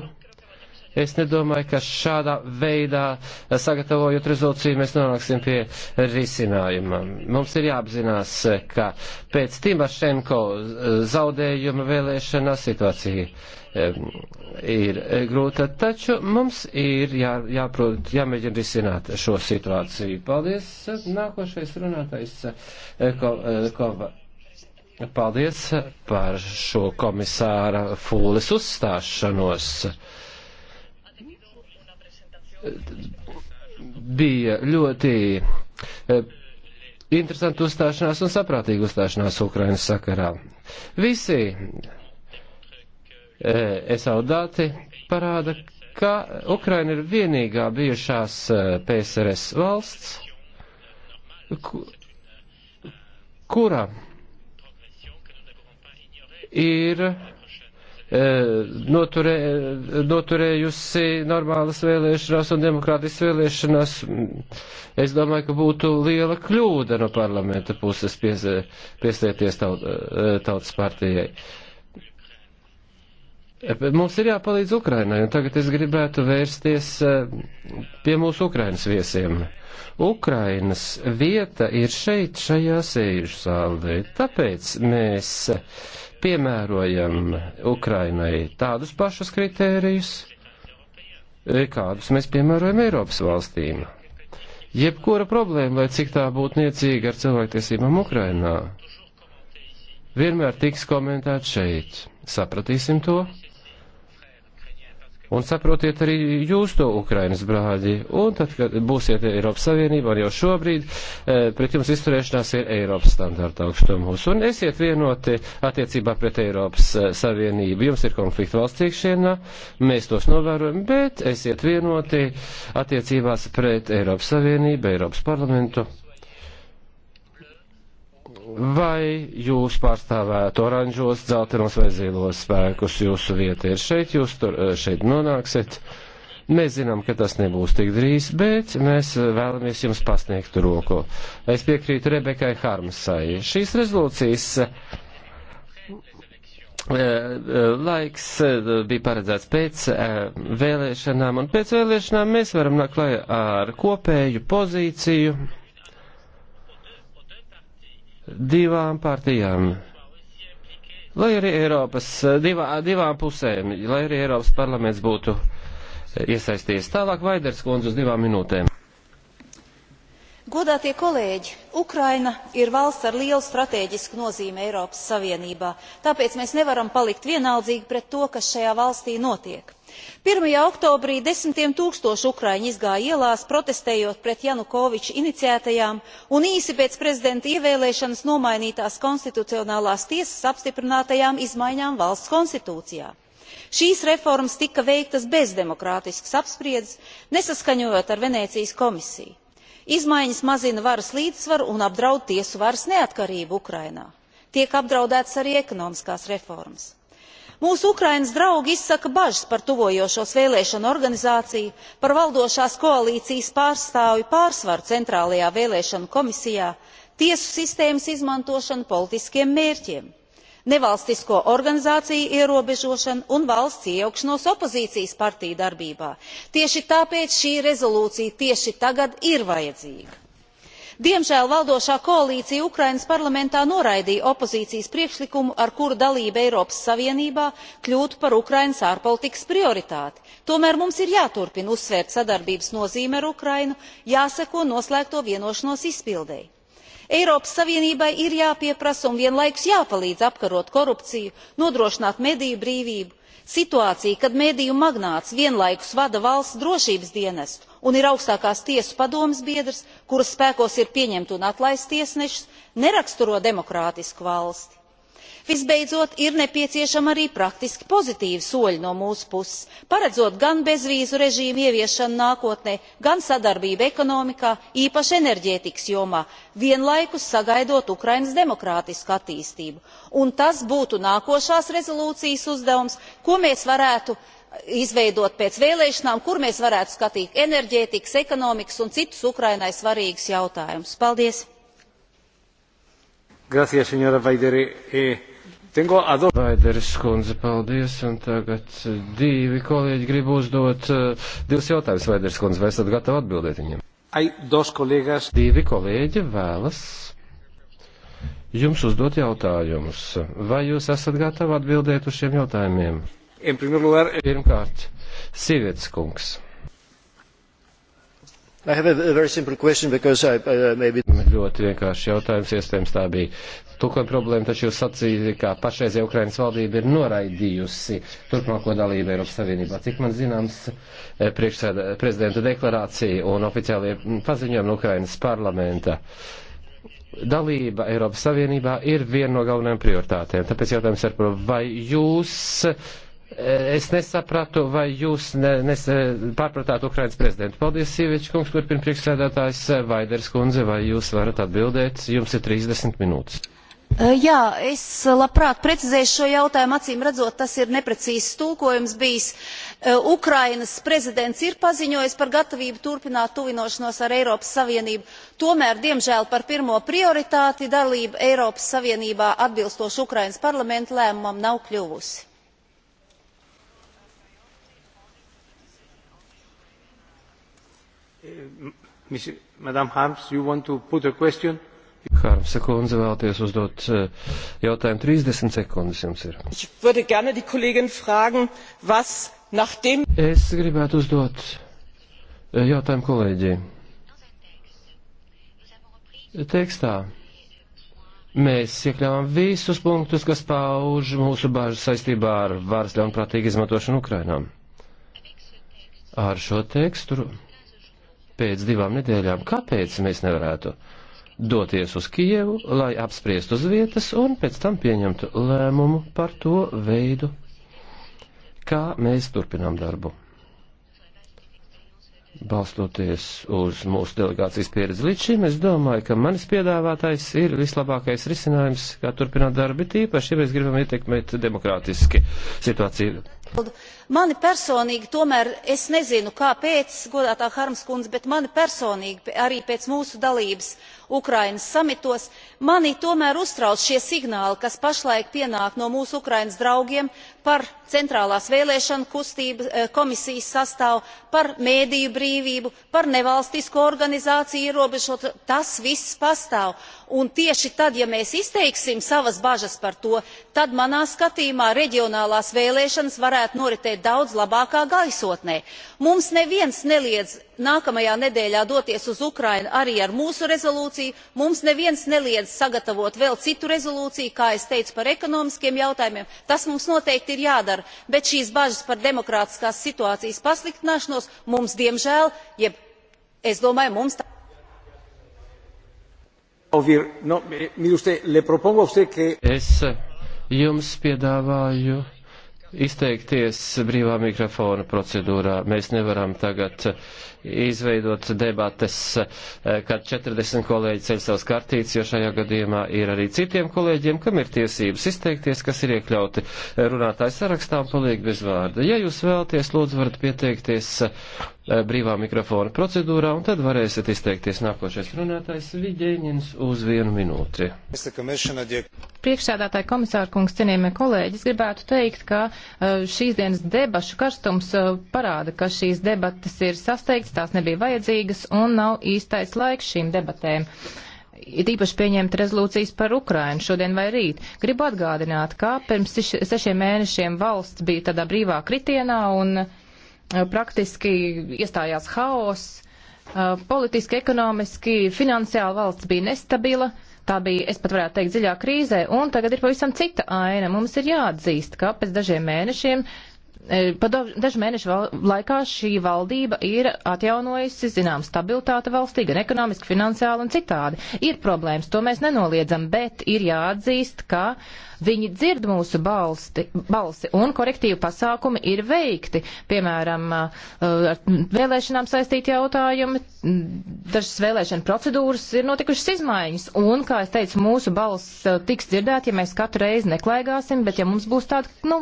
Es nedomāju, ka šādā veidā eh, sagatavojot rezolūciju mēs nonāksim pie risinājuma. Mums ir jāapzinās, ka pēc Timašenko eh, zaudējuma vēlēšanā situācija eh, ir grūta, taču mums ir jā, jāprot, jāmēģina risināt šo situāciju. Paldies. Nākošais runātais Kova. Ko, Paldies par šo komisāra Fūles uzstāšanos bija ļoti eh, interesanti uzstāšanās un saprātīgi uzstāšanās Ukrainas sakarā. Visi esaudāti eh, parāda, ka Ukraina ir vienīgā bijušās eh, PSRS valsts, kura ir E, noturē, e, noturējusi normālas vēlēšanās un demokrātiskas vēlēšanās, es domāju, ka būtu liela kļūda no parlamenta puses pies, pieslieties taut, e, tautas partijai. Mums ir jāpalīdz Ukrainai, un tagad es gribētu vērsties pie mūsu Ukrainas viesiem. Ukrainas vieta ir šeit, šajā sēžu zālē, tāpēc mēs uh, piemērojam Ukrainai tādus pašus kritērijus, e, kādus mēs piemērojam Eiropas valstīm. Jebkura problēma, lai cik tā būtu niecīga ar cilvēktiesībām Ukrainā, vienmēr tiks komentēta šeit. Sapratīsim to Un saprotiet arī jūs to, Ukrainas brāļi. Un tad, kad būsiet Eiropas Savienībā, un jau šobrīd eh, pret jums izturēšanās ir Eiropas standarta augstumos. Un esiet vienoti attiecībā pret Eiropas eh, Savienību. Jums ir konflikti valsts iekšienā, mēs tos novērojam, bet esiet vienoti attiecībās pret Eiropas Savienību, Eiropas parlamentu vai jūs pārstāvētu oranžos, dzeltenos vai zilos spēkus, jūsu vieta ir šeit, jūs tur, eh, šeit nonāksiet. Mēs zinām, ka tas nebūs tik drīz, bet mēs eh, vēlamies jums pasniegt roku. Es piekrītu Rebekai Harmsai. Šīs rezolūcijas eh, laiks bija paredzēts pēc vēlēšanām, un pēc vēlēšanām mēs varam nākt klajā ar kopēju pozīciju divām partijām, lai arī Eiropas, divā, divām pusēm, lai arī Eiropas parlaments būtu iesaistījies. Tālāk Vaiders kundze uz divām minūtēm godātie kolēģi ukraina ir valsts ar lielu stratēģisku nozīmi eiropas savienībā tāpēc mēs nevaram palikt vienaldzīgi pret to kas šajā valstī notiek. one oktobrī desmitiem tūkstoši ukraiņu izgāja ielās protestējot pret janukoviča iniciētajām un īsi pēc prezidenta ievēlēšanas nomainītās konstitucionālās tiesas apstiprinātajām izmaiņām valsts konstitūcijā. šīs reformas tika veiktas bez demokrātiskas apspriedzes nesaskaņojot ar venēcijas komisiju izmaiņas mazina varas līdzsvaru un apdraud tiesu varas neatkarību ukrainā. tiek apdraudētas arī ekonomiskās reformas. mūsu ukrainas draugi izsaka bažas par tuvojošos vēlēšanu organizāciju par valdošās koalīcijas pārstāvju pārsvaru centrālajā vēlēšanu komisijā tiesu sistēmas izmantošanu politiskiem mērķiem nevalstisko organizāciju ierobežošanu un valsts iejaukšanos opozīcijas partiju darbībā. tieši tāpēc šī rezolūcija tieši tagad ir vajadzīga. diemžēl valdošā koalīcija ukrainas parlamentā noraidīja opozīcijas priekšlikumu ar kuru dalība eiropas savienībā kļūtu par ukrainas ārpolitikas prioritāti. tomēr mums ir jāturpina uzsvērt sadarbības nozīme ar ukrainu jāseko noslēgto vienošanos izpildei eiropas savienībai ir jāpieprasa un vienlaikus jāpalīdz apkarot korupciju nodrošināt mediju brīvību. situācija kad mediju magnāts vienlaikus vada valsts drošības dienestu un ir augstākās tiesu padomes biedrs kuras spēkos ir pieņemt un atlaist tiesnešus neraksturo demokrātisku valsti visbeidzot ir nepieciešami arī praktiski pozitīvi soļi no mūsu puses paredzot gan bezvīzu režīmu ieviešanu nākotnē gan sadarbību ekonomikā īpaši enerģētikas jomā vienlaikus sagaidot ukrainas demokrātisku attīstību un tas būtu nākošās rezolūcijas uzdevums ko mēs varētu eh, izveidot pēc vēlēšanām kur mēs varētu skatīt enerģētikas ekonomikas un citus ukrainai svarīgus jautājumus. paldies! Gracias, Tengo a dos. Vaideris kundze, paldies, un tagad eh, divi kolēģi grib uzdot uh, eh, divus jautājumus. Vaideris kundze, vai esat gatavi atbildēt viņiem? Ai, dos kolēģis. Divi kolēģi vēlas jums uzdot jautājumus. Vai jūs esat gatavi atbildēt uz šiem jautājumiem? Lugar... Eh, Pirmkārt, sievietes kungs. I have a very simple question because I, uh, maybe. Ļoti vienkārši jautājums, iespējams tā bija tulkojuma problēmu, taču jūs sacījāt, ka pašreizē Ukrainas valdība ir noraidījusi turpmāko dalību Eiropas Savienībā. Cik man zināms, eh, prezidenta deklarācija un oficiālie paziņojumi no Ukrainas parlamenta. Dalība Eiropas Savienībā ir viena no galvenajām prioritātēm. Tāpēc jautājums ir, vai jūs eh, Es nesapratu, vai jūs ne, nes, eh, pārpratāt Ukrainas prezidentu. Paldies, Sīvieča kungs, turpin priekšsēdētājs Vaiders kundze, vai jūs varat atbildēt? Jums ir 30 minūtes. Jā, es labprāt precizēšu šo jautājumu. Acīm redzot, tas ir neprecīzs tulkojums bijis. Ukrainas prezidents ir paziņojis par gatavību turpināt tuvinošanos ar Eiropas Savienību. Tomēr, diemžēl, par pirmo prioritāti dalība Eiropas Savienībā atbilstoši Ukrainas parlamenta lēmumam nav kļuvusi. Eh, madam Harms, you want to put a question? Hārms sekundze vēlties uzdot eh, jautājumu 30 sekundes jums ir. Es gribētu uzdot eh, jautājumu kolēģiem. Tekstā Mēs iekļāvām visus punktus, kas pauž mūsu bāžas saistībā ar varas ļaunprātīgu izmantošanu Ukrainām. Ar šo tekstu pēc divām nedēļām, kāpēc mēs nevarētu doties uz Kijevu, lai apspriestu uz vietas un pēc tam pieņemtu lēmumu par to veidu, kā mēs turpinām darbu. Balstoties uz mūsu delegācijas pieredzi līdz šim, es domāju, ka manis piedāvātais ir vislabākais risinājums, kā turpināt darbi, tīpaši, ja mēs gribam ietekmēt demokrātiski situāciju mani personīgi tomēr es nezinu kāpēc godātā harms kundze bet mani personīgi arī pēc mūsu dalības ukrainas samitos mani tomēr uztrauc šie signāli kas pašlaik pienāk no mūsu ukrainas draugiem par centrālās vēlēšanu kustības eh, komisijas sastāvu par mēdīju brīvību par nevalstisko organizāciju ierobežošanu tas viss pastāv un tieši tad ja mēs izteiksim savas bažas par to tad manā skatījumā reģionālās vēlēšanas varētu noritēt dzīvot daudz labākā gaisotnē. mums neviens neliedz nākamajā nedēļā doties uz ukrainu arī ar mūsu rezolūciju mums neviens neliedz sagatavot vēl citu rezolūciju kā es teicu par ekonomiskiem jautājumiem tas mums noteikti ir jādara bet šīs bažas par demokrātiskās situācijas pasliktināšanos mums diemžēl jeb es domāju mums Es eh, jums piedāvāju izteikties brīvā mikrofona procedūrā. Mēs nevaram tagad izveidot debates, eh, kad 40 kolēģi ceļ savas kartītes, jo šajā gadījumā ir arī citiem kolēģiem, kam ir tiesības izteikties, kas ir iekļauti runātāju sarakstā un paliek bez vārda. Ja jūs vēlaties, lūdzu, varat pieteikties eh, brīvā mikrofona procedūrā, un tad varēsiet izteikties nākošais runātājs Viģēņins uz vienu minūti. Priekšsēdātāji komisāra kungs, cienījamie kolēģi, es gribētu teikt, ka eh, šīs dienas debašu karstums parāda, ka šīs debatas ir sasteigts tās nebija vajadzīgas un nav īstais laiks šīm debatēm. Ir īpaši pieņemt rezolūcijas par Ukrainu šodien vai rīt. Gribu atgādināt, kā pirms sešiem mēnešiem valsts bija tādā brīvā kritienā un uh, praktiski iestājās haoss. Uh, politiski, ekonomiski, finansiāli valsts bija nestabila, tā bija, es pat varētu teikt, dziļā krīzē, un tagad ir pavisam cita aina. Mums ir jāatzīst, ka pēc dažiem mēnešiem E, pa dažu mēnešu laikā šī valdība ir atjaunojusi, zinām, stabilitāti valstī, gan ekonomiski, finansiāli un citādi. Ir problēmas, to mēs nenoliedzam, bet ir jāatzīst, ka uh, Viņi dzird mūsu balsti, balsi un korektīvi pasākumi ir veikti. Piemēram, uh, ar vēlēšanām saistīti jautājumi, dažas vēlēšana procedūras ir notikušas izmaiņas. Un, kā es teicu, mūsu balss uh, tiks dzirdēt, ja mēs katru reizi neklaigāsim, bet ja mums būs tāda, nu,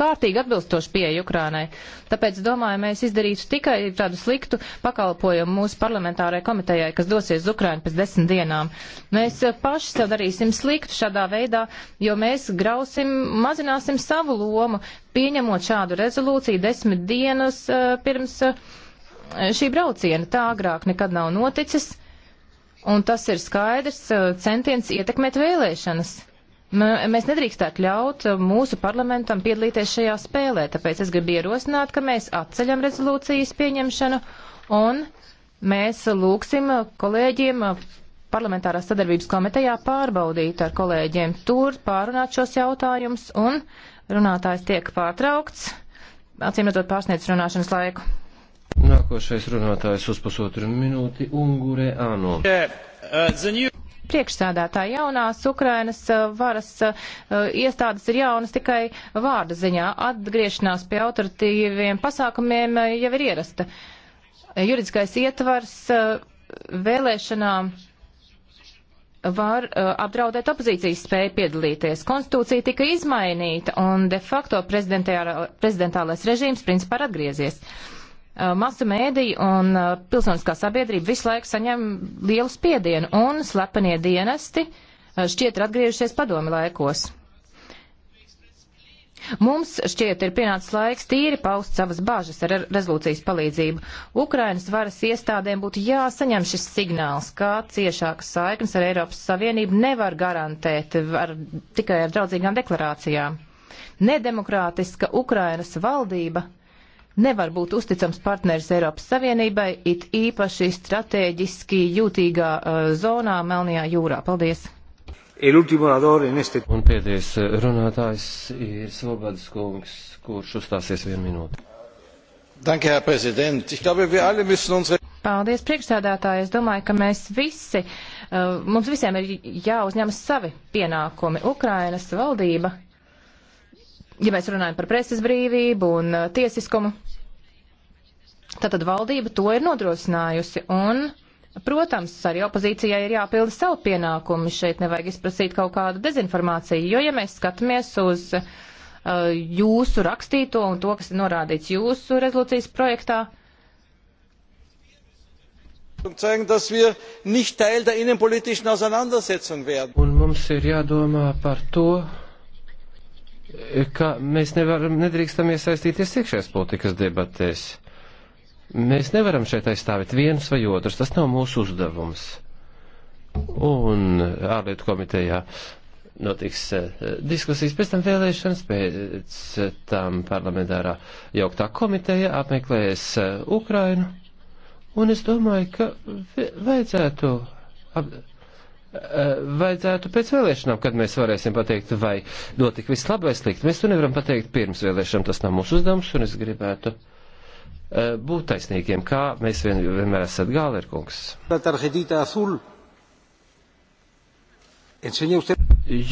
kārtīgi atbilstoša pieeja Ukrānai. Tāpēc, domāju, mēs izdarītu tikai tādu sliktu pakalpojumu mūsu parlamentārai komitejai, kas dosies uz Ukrainu pēc desmit dienām. Mēs uh, paši sev darīsim sliktu šādā veidā, jo mēs grausim, mazināsim savu lomu, pieņemot šādu rezolūciju desmit dienas uh, pirms uh, šī brauciena. Tā agrāk nekad nav noticis, un tas ir skaidrs uh, centiens ietekmēt vēlēšanas. Mēs nedrīkstētu ļaut mūsu parlamentam piedalīties šajā spēlē, tāpēc es gribu ierosināt, ka mēs atceļam rezolūcijas pieņemšanu un mēs lūgsim kolēģiem parlamentārās sadarbības komitejā pārbaudīt ar kolēģiem tur, pārunāt šos jautājumus, un runātājs tiek pārtraukts, acīm redzot pārsniedz runāšanas laiku. Nākošais runātājs uz pusotru minūti Ungure Āno. Uh, Priekšsēdētāji jaunās Ukrainas uh, varas uh, iestādes ir jaunas tikai vārda ziņā. Atgriešanās pie autoritīviem pasākumiem jau ir ierasta. Juridiskais ietvars vēlēšanām var uh, apdraudēt opozīcijas spēju piedalīties. Konstitūcija tika izmainīta un de facto prezidentālais režīms principā ir atgriezies. Uh, masu mēdī un uh, pilsoniskā sabiedrība visu laiku saņem lielu spiedienu un slepenie dienesti uh, šķiet ir atgriežušies padomi laikos. Mums šķiet ir pienācis laiks tīri paust savas bažas ar rezolūcijas palīdzību. Ukrainas varas iestādēm būtu jāsaņem šis signāls, kā ciešākas saiknes ar Eiropas Savienību nevar garantēt ar, tikai ar draudzīgām deklarācijām. Nedemokrātiska Ukrainas valdība nevar būt uzticams partneris Eiropas Savienībai, it īpaši strateģiski jūtīgā uh, zonā Melnajā jūrā. Paldies! Este... Un pēdējais runātājs ir Svobodas kungs, kurš uzstāsies vienu minūti. Danke, Herr Präsident. Ich glaube, wir alle müssen unsere Paldies, priekšsēdētāji. Es domāju, ka mēs visi, uh, mums visiem ir jāuzņemas savi pienākumi. Ukrainas valdība, ja mēs runājam par preses brīvību un uh, tiesiskumu, tātad valdība to ir nodrošinājusi. Un Protams, arī opozīcijai ir jāpilda savu pienākumu. Šeit nevajag izprasīt kaut kādu dezinformāciju, jo, ja mēs skatāmies uz uh, jūsu rakstīto un to, kas ir norādīts jūsu rezolūcijas projektā, um zeigen, dass wir nicht Teil der innenpolitischen Auseinandersetzung werden. Un mums ir jādomā par to, ka mēs nevaram, nedrīkstam iesaistīties iekšējās politikas debatēs. Mēs nevaram šeit aizstāvēt viens vai otrs, tas nav mūsu uzdevums. Un ārlietu komitejā notiks eh, diskusijas, pēc tam vēlēšanas, pēc eh, tam parlamentārā jauktā komiteja apmeklēs eh, Ukrainu. Un es domāju, ka vajadzētu ap, vajadzētu pēc vēlēšanām, kad mēs varēsim pateikt, vai notika viss labi vai slikti. Mēs to nevaram pateikt pirms vēlēšanām, tas nav mūsu uzdevums, un es gribētu Eh, būt taisnīgiem, kā mēs vien, vienmēr esat Gālerkungs.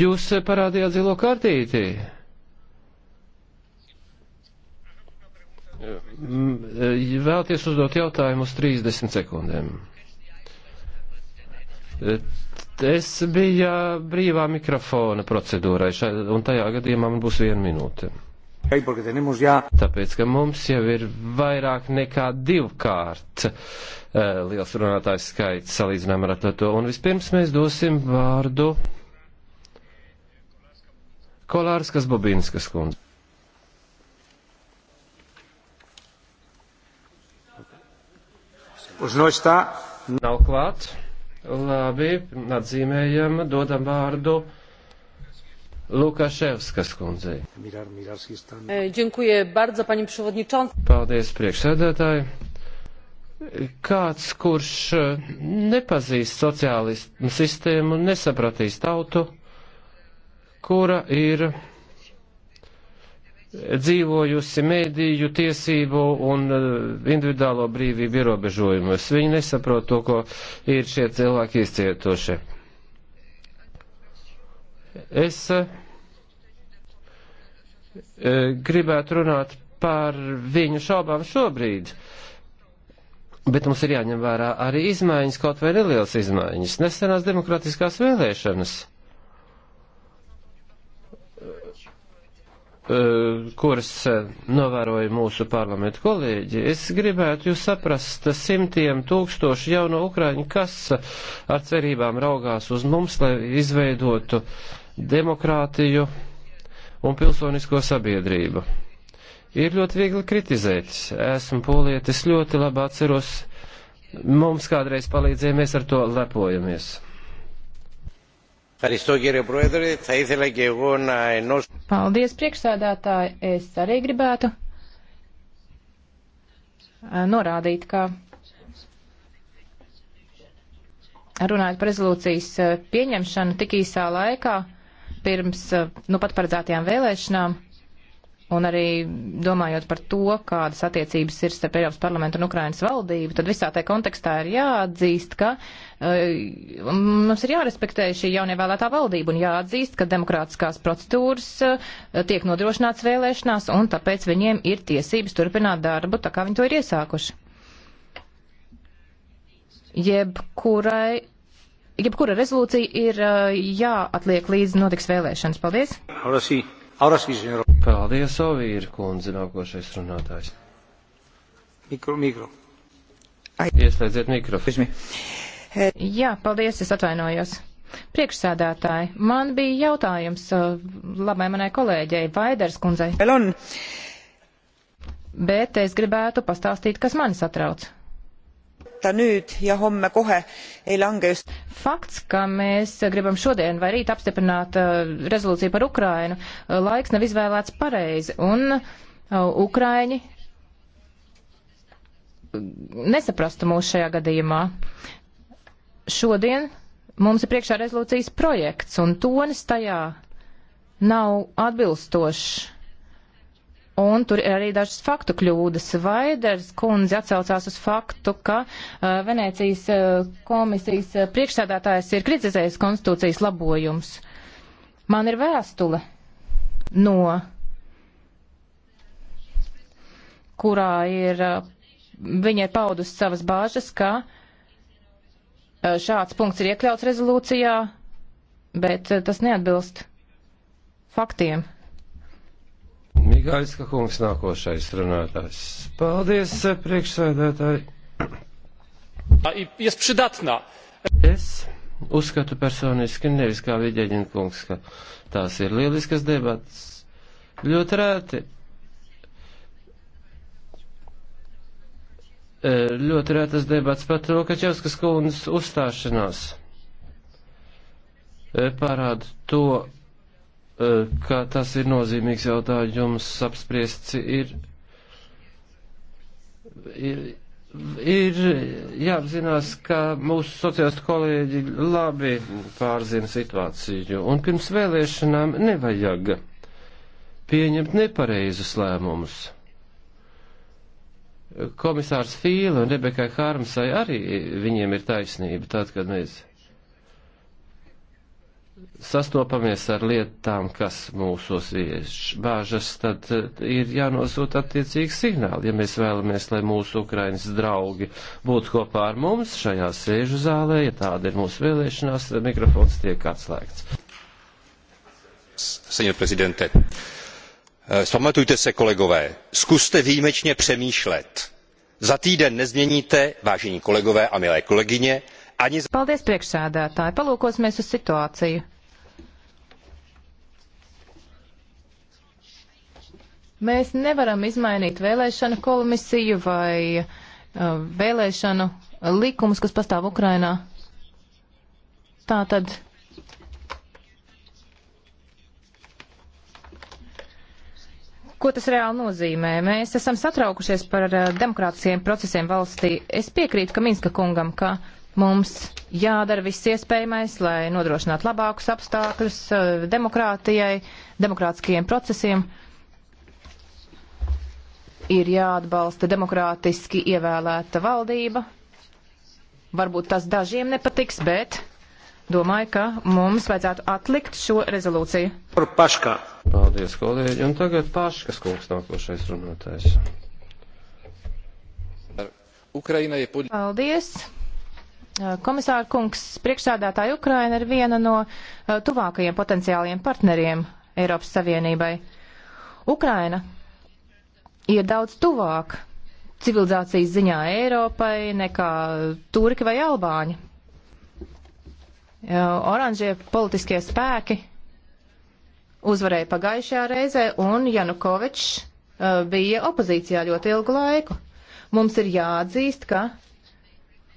Jūs parādījāt zilo kartīti. Eh, vēlties uzdot jautājumu uz 30 sekundēm. Eh, es biju brīvā mikrofona procedūrai, šai, un tajā gadījumā man būs viena minūte. Tāpēc, ka mums jau ir vairāk nekā divkārt uh, liels runātājs skaits salīdzinām ar to. Un vispirms mēs dosim vārdu Kolārskas Bobīnskas kundze. Uz no tā nav klāt. Labi, atzīmējam, dodam vārdu. Lukaševskas kundzei. E, Paldies, priekšsēdētāji. Kāds, kurš e, nepazīst sociālismu sistēmu, nesapratīs tautu, kura ir dzīvojusi mēdīju tiesību un e, individuālo brīvību ierobežojumus. Viņi nesaprot to, ko ir šie cilvēki izcietoši Es eh, eh, gribētu runāt par viņu šaubām šobrīd. Bet mums ir jāņem vērā arī izmaiņas, kaut vai nelielas izmaiņas. Nesenās demokratiskās vēlēšanas, eh, kuras novēroja mūsu parlamentu kolēģi, es gribētu jūs saprast simtiem tūkstošu jauno ukraiņu, kas ar cerībām raugās uz mums, lai izveidotu uh, demokrātiju un pilsonisko sabiedrību. Ir ļoti viegli kritizēt. Esmu polietis, ļoti labi atceros. Mums kādreiz palīdzēja, mēs ar to lepojamies. Paldies, priekšsēdētāji. Es arī gribētu eh, norādīt, ka runājot par rezolūcijas eh, pieņemšanu tik īsā laikā, pirms eh, nu pat paredzētajām vēlēšanām. Un arī domājot par to, kādas attiecības ir starp Eiropas parlamentu un Ukrainas valdību, tad visā tajā kontekstā ir jāatzīst, ka uh, mums ir jārespektē šī jaunievēlētā valdība un jāatzīst, ka demokrātiskās procedūras uh, tiek nodrošināts vēlēšanās un tāpēc viņiem ir tiesības turpināt darbu, tā kā viņi to ir iesākuši jebkurai jebkura rezolūcija ir eh, jāatliek līdz notiks vēlēšanas. Paldies! Paldies, Ovīri kundze, nākošais runātājs. Mikro, mikro. Ieslēdziet mikrofonu. Jā, paldies, es atvainojos. Priekšsēdētāji, man bija jautājums eh, labai manai kolēģei Vaiders kundzei. Elon. Bet es gribētu pastāstīt, kas mani satrauc võtta nüüd ja homme kohe ei lange just. fakts ka mēs gribam šodien vai rīt apstiprināt uh, rezolūciju par ukrainu uh, laiks nav izvēlēts pareizi un uh, ukraiņi nesaprastu mūs šajā gadījumā šodien mums ir priekšā rezolūcijas projekts un tonis tajā nav atbilstošs un tur ir arī dažas faktu kļūdas. Vaiders kundze atsaucās uz faktu, ka uh, Venecijas uh, komisijas uh, priekšsēdētājs ir kritizējis konstitūcijas labojums. Man ir vēstule no kurā ir, uh, viņa ir paudusi savas bāžas, ka uh, šāds punkts ir iekļauts rezolūcijā, bet uh, tas neatbilst faktiem. Migaiska kungs nākošais runātājs. Paldies, eh, priekšsēdētāji. Es pridatnā. Es uzskatu personiski nevis kā Viģeņina kungs, ka tās ir lieliskas debatas. Ļoti rēti. Eh, ļoti rētas debats par to, ka Čevskas kundas uzstāšanās eh, parāda to, Eh, ka tas ir nozīmīgs jautājums apspriests, ir, ir, ir jāapzinās, ka mūsu sociālistu kolēģi labi pārzina situāciju, un pirms vēlēšanām nevajag pieņemt nepareizus lēmumus komisārs Fīle un Rebekai Hārmsai arī viņiem ir taisnība, tad, kad mēs sastopamies ar lietām, kas mūsos vieš bāžas, tad eh, ir jānosūta attiecīgi signāli. Ja mēs vēlamies, lai mūsu Ukrainas draugi būtu kopā ar mums šajā sēžu zālē, ja tāda ir mūsu vēlēšanās, tad mikrofons tiek atslēgts. Senor prezidente, eh, Zpamatujte se, kolegové, zkuste výjimečně přemýšlet. Za týden nezměníte, vážení kolegové a milé kolegyně, ani... Paldies priekšsēdētāji. Palūkosimies uz situāciju. Mēs nevaram izmainīt vēlēšanu komisiju vai uh, vēlēšanu likumus, kas pastāv Ukrainā. Tā tad. Ko tas reāli nozīmē? Mēs esam satraukušies par uh, demokrātiskiem procesiem valstī. Es piekrītu, ka Minska kungam, ka. Uh, Mums jādara viss iespējamais, lai nodrošinātu labākus apstākļus eh, demokrātijai, demokrātiskajiem procesiem. Ir jāatbalsta demokrātiski ievēlēta valdība. Varbūt tas dažiem nepatiks, bet domāju, ka mums vajadzētu atlikt šo rezolūciju. Par paškā. Paldies, kolēģi. Un tagad paškas kungs nākošais runātājs. Ukraina ir puļa. Paldies. Komisāra kungs, priekšsādātāja Ukraina ir viena no tuvākajiem potenciāliem partneriem Eiropas Savienībai. Ukraina ir daudz tuvāk civilizācijas ziņā Eiropai nekā turki vai albāņi. Oranžie politiskie spēki uzvarēja pagājušajā reizē un Janukovičs bija opozīcijā ļoti ilgu laiku. Mums ir jāatzīst, ka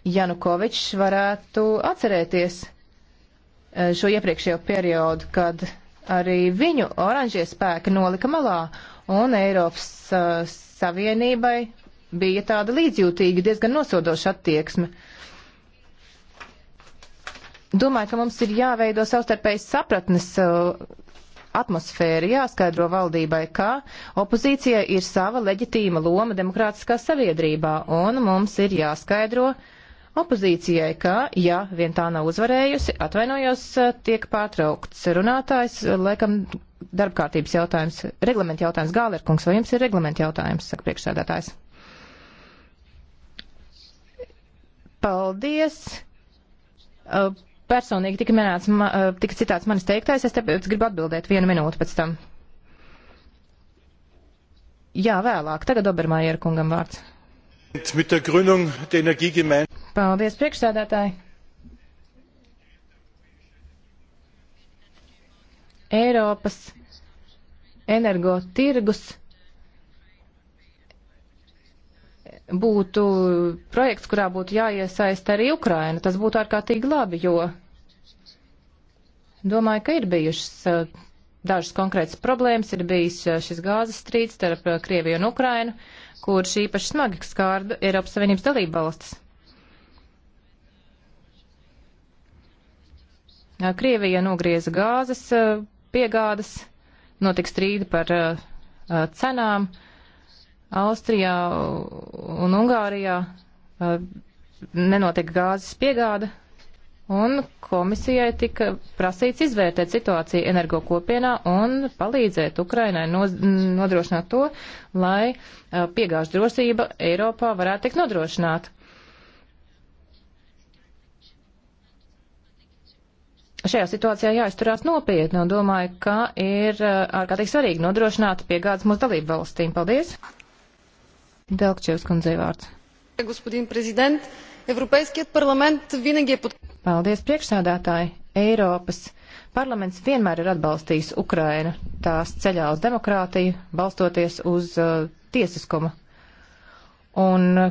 Janukovičs varētu atcerēties eh, šo iepriekšējo periodu, kad arī viņu oranžie spēki nolika malā un Eiropas uh, Savienībai bija tāda līdzjūtīga, diezgan nosodoša attieksme. Domāju, ka mums ir jāveido savstarpēji sapratnes uh, atmosfēra, jāskaidro valdībai, ka opozīcija ir sava leģitīma loma demokrātiskā saviedrībā, un mums ir jāskaidro uh, opozīcijai, ka, ja vien tā nav uzvarējusi, atvainojos, eh, tiek pārtraukts runātājs, eh, laikam darbkārtības jautājums, reglamenta jautājums. Gālerkungs, vai jums ir reglamenta jautājums, saka priekšsēdētājs? Paldies. Eh, personīgi tika, minēts, tika citāts manis teiktais, es tāpēc gribu atbildēt vienu minūtu pēc tam. Jā, vēlāk. Tagad Obermājera kungam vārds. Paldies, priekšsēdētāji! Eiropas energotirgus būtu projekts, kurā būtu jāiesaist arī Ukraina. Tas būtu ārkārtīgi labi, jo domāju, ka ir bijušas uh, dažas konkrētas problēmas, ir bijis uh, šis gāzes strīds starp uh, Krieviju un Ukrainu. Uh, kurš īpaši smagi skārda Eiropas Savienības dalību valstis. Krievija nogrieza gāzes piegādes, notika strīdi par cenām. Austrijā un Ungārijā nenotiek gāzes piegāda, un komisijai tika prasīts izvērtēt situāciju energo kopienā un palīdzēt Ukrainai nodrošināt to, lai piegāžu drošība Eiropā varētu tikt nodrošināta. Šajā situācijā jāizturās nopietni un domāju, ka ir ārkārtīgi svarīgi nodrošināt piegādes mūsu dalību valstīm. Paldies! Делкчевском заявард. Господин президент, Европейският парламент винаги е под... Paldies, priekšsādātāji! Eiropas parlaments vienmēr ir atbalstījis Ukrainu tās ceļā uz demokrātiju, balstoties uz uh, tiesiskumu. Un uh,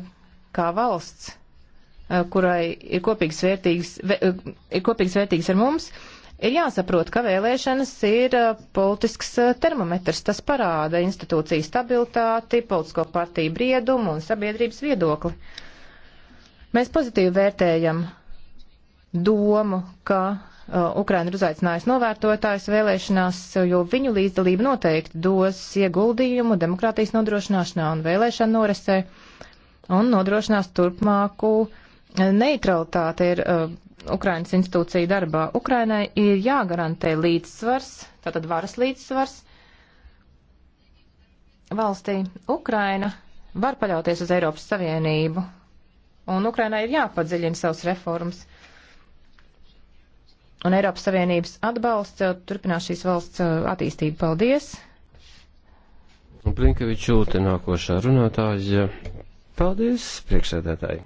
kā valsts, uh, kurai ir kopīgas vērtīgas, vē, uh, ir kopīgas vērtīgas ar mums, ir jāsaprot, ka vēlēšanas ir uh, politisks uh, termometrs. Tas parāda institūciju stabilitāti, politisko partiju briedumu un sabiedrības viedokli. Mēs pozitīvi vērtējam uh, domu, ka uh, Ukraina ir uzaicinājusi novērtotājus vēlēšanās, jo viņu līdzdalība noteikti dos ieguldījumu demokrātijas nodrošināšanā un vēlēšanu norisē un nodrošinās turpmāku uh, neutralitāti ir uh, Ukrainas institūcija darbā. Ukrainai ir jāgarantē līdzsvars, tātad varas līdzsvars valstī. Ukraina var paļauties uz Eiropas Savienību, un Ukrainai ir jāpadziļina savas reformas. Uh, un Eiropas Savienības atbalsts eh, turpinās šīs valsts eh, attīstību. Paldies! Blinkeviča Ulte nākošā runātāja. Paldies, priekšsēdētāji!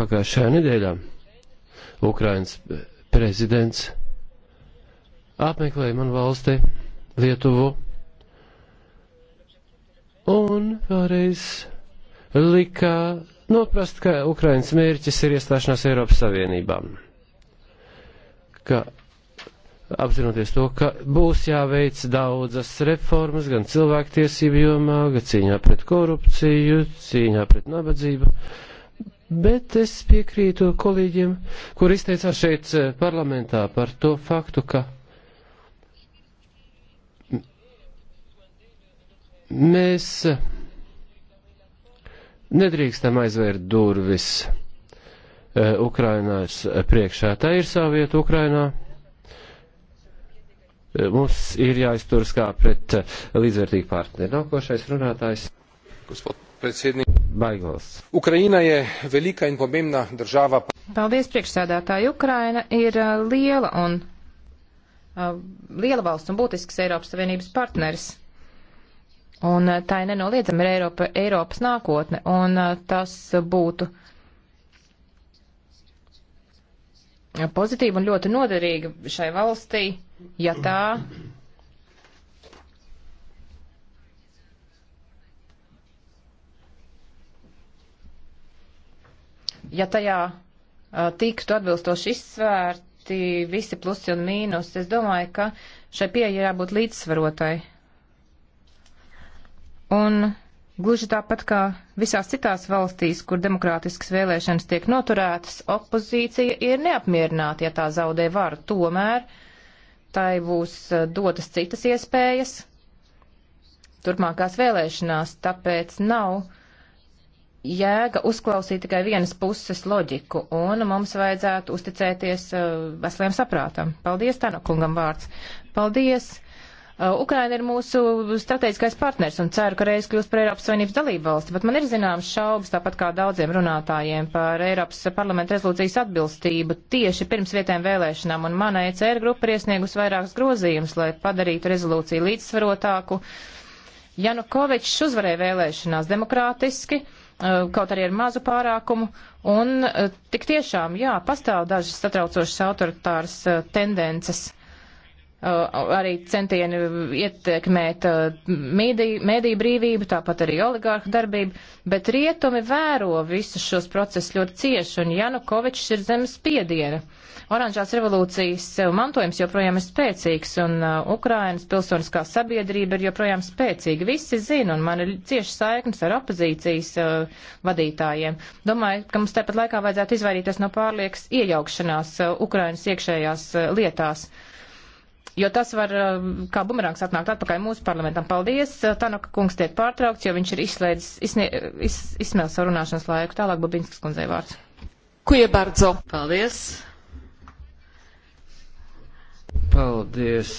Pagājušajā nedēļā Ukrainas eh, prezidents apmeklēja manu valsti Lietuvu un vēlreiz lika noprast, ka Ukrainas mērķis ir iestāšanās Eiropas Savienībām ka apzinoties to, ka būs jāveic daudzas reformas gan cilvēktiesību jomā, gan cīņā pret korupciju, cīņā pret nabadzību. Bet es piekrītu kolēģiem, kur izteicās šeit eh, parlamentā par to faktu, ka mēs nedrīkstam aizvērt durvis Eh, Ukrainā ir eh, priekšā. Tā ir sava vieta Ukrainā. Eh, mums ir jāizturas kā pret līdzvērtīgu partneri. Nākošais runātājs. Baigals. Ukraina je velika in pomembna država. Paldies, priekšsēdētāji. Ukraina ir liela un uh, liela valsts un būtisks Eiropas Savienības partneris. Un tā ir nenoliedzama ir Eiropa, Eiropas nākotne, un tas būtu uh, pozitīva un ļoti noderīga šai valstī, ja tā ja tajā tiktu atbilstoši izsvērti visi plusi un mīnus, es domāju, ka šai pieeja jābūt līdzsvarotai. Un Gluži tāpat kā visās citās valstīs, kur demokrātiskas vēlēšanas tiek noturētas, opozīcija ir neapmierināta, ja tā zaudē varu. Tomēr tai būs eh, dotas citas iespējas turpmākās vēlēšanās, tāpēc nav jēga uzklausīt tikai vienas puses loģiku, un mums vajadzētu uzticēties eh, veseliem saprātam. Paldies, Tanakungam vārds. Paldies! Uh, Ukraina ir mūsu strateģiskais partners un ceru, ka reiz kļūs par Eiropas Savienības dalību valsti, bet man ir zināms šaubas, tāpat kā daudziem runātājiem, par Eiropas parlamenta rezolūcijas atbilstību tieši pirms vietēm vēlēšanām, un mana ECR grupa ir iesniegus vairākus grozījumus, lai padarītu rezolūciju līdzsvarotāku. Janukovičs uzvarēja vēlēšanās demokrātiski, uh, kaut arī ar mazu pārākumu, un uh, tik tiešām, jā, pastāv dažas satraucošas autoritāras tendences Uh, arī centieni ietekmēt uh, mēdīju brīvību, tāpat arī oligārhu darbību, bet rietumi vēro visus šos procesus ļoti cieši, un Janukovičs ir zemes spiediena. Oranžās revolūcijas mantojums joprojām ir spēcīgs, un uh, Ukrainas pilsoniskā sabiedrība ir joprojām spēcīga. Visi zina, un man ir cieši saiknes ar opozīcijas vadītājiem. Domāju, ka mums tāpat laikā vajadzētu izvairīties no pārliekas iejaukšanās Ukrainas iekšējās lietās jo tas var um, kā bumerāns atnākt atpakaļ mūsu parlamentam. Paldies, Tanaka kungs tiek pārtraukts, jo viņš ir izslēdzis, izsnie, iz, izsmēlis savu runāšanas laiku. Tālāk Babinskas kundzei vārds. Kuja bardzo. Paldies. Paldies.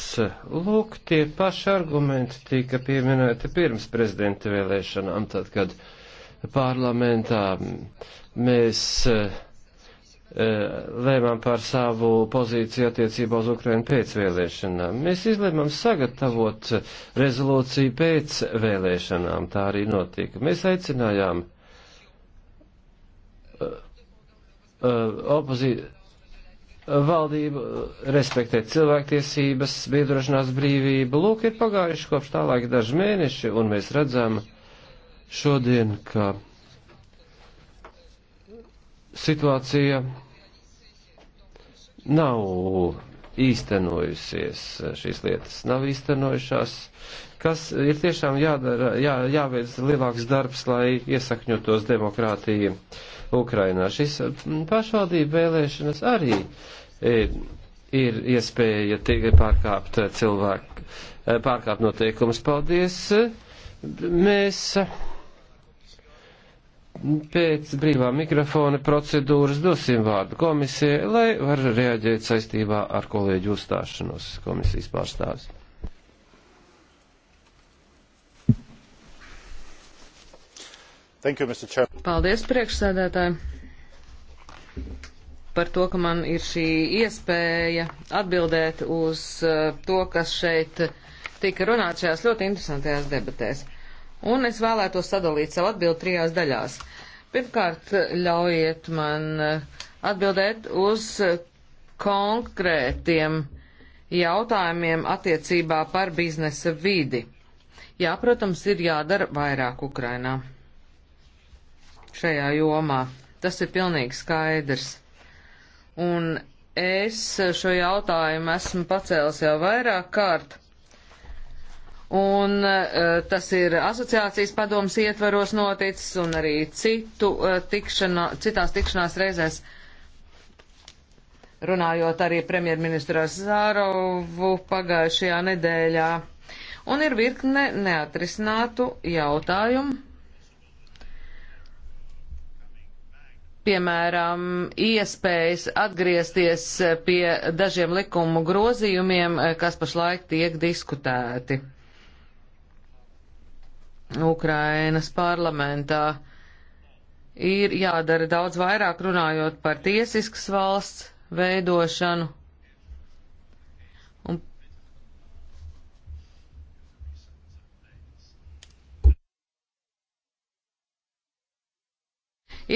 Lūk, tie paši argumenti tika pieminēti pirms prezidenta vēlēšanām, tad, kad parlamentā mēs uh, Eh, lēmām par savu pozīciju attiecībā uz Ukrainu pēc vēlēšanām. Mēs izlēmām sagatavot rezolūciju pēc vēlēšanām. Tā arī notika. Mēs aicinājām eh, eh, opozī... valdību respektēt cilvēktiesības, biedrošanās brīvību. Lūk, ir pagājuši kopš tā laika daži mēneši, un mēs redzam šodien, ka situācija nav īstenojusies, šīs lietas nav īstenojušās, kas ir tiešām jādara, jā, jāveic lielāks darbs, lai iesakņotos demokrātija Ukrainā. Šis pašvaldība vēlēšanas arī e, ir iespēja pārkāpt cilvēku, e, pārkāpt noteikumus. Paldies! Mēs Pēc brīvā mikrofona procedūras dosim vārdu komisijai, lai var reaģēt saistībā ar kolēģu uzstāšanos komisijas pārstāvis. Thank you, Mr. Chairman. Paldies, priekšsēdētāji, par to, ka man ir šī iespēja atbildēt uz uh, to, kas šeit tika runāts šajās ļoti interesantajās debatēs. Un es vēlētos sadalīt savu atbildi trijās daļās. Pirmkārt, ļaujiet man eh, atbildēt uz eh, konkrētiem jautājumiem attiecībā par biznesa vidi. Jā, protams, ir jādara vairāk Ukrainā šajā jomā. Tas ir pilnīgi skaidrs. Un es šo jautājumu esmu pacēlis jau vairāk kārt Un eh, tas ir asociācijas padomas ietvaros noticis un arī citu, eh, tikšanā, citās tikšanās reizēs runājot arī premjerministru Zārovu pagājušajā nedēļā. Un ir virkne neatrisinātu jautājumu. Piemēram, iespējas atgriezties pie dažiem likumu grozījumiem, eh, kas pašlaik tiek diskutēti. Ukrainas parlamentā. Ir jādara daudz vairāk runājot par tiesiskas valsts veidošanu. Un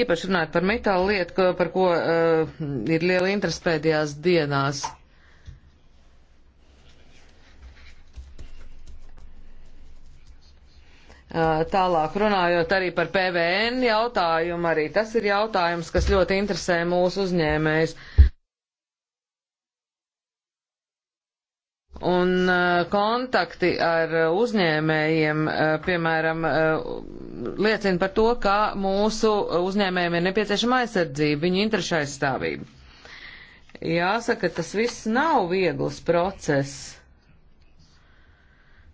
Īpaši runājot par metālu lietu, par ko uh, ir liela interese pēdējās dienās. Eh, tālāk runājot arī par PVN jautājumu, arī tas ir jautājums, kas ļoti interesē mūsu uzņēmējs. Un eh, kontakti ar uzņēmējiem, eh, piemēram, liecina par to, ka mūsu uzņēmējiem ir nepieciešama aizsardzība, viņu interešu aizstāvība. Jāsaka, tas viss nav viegls process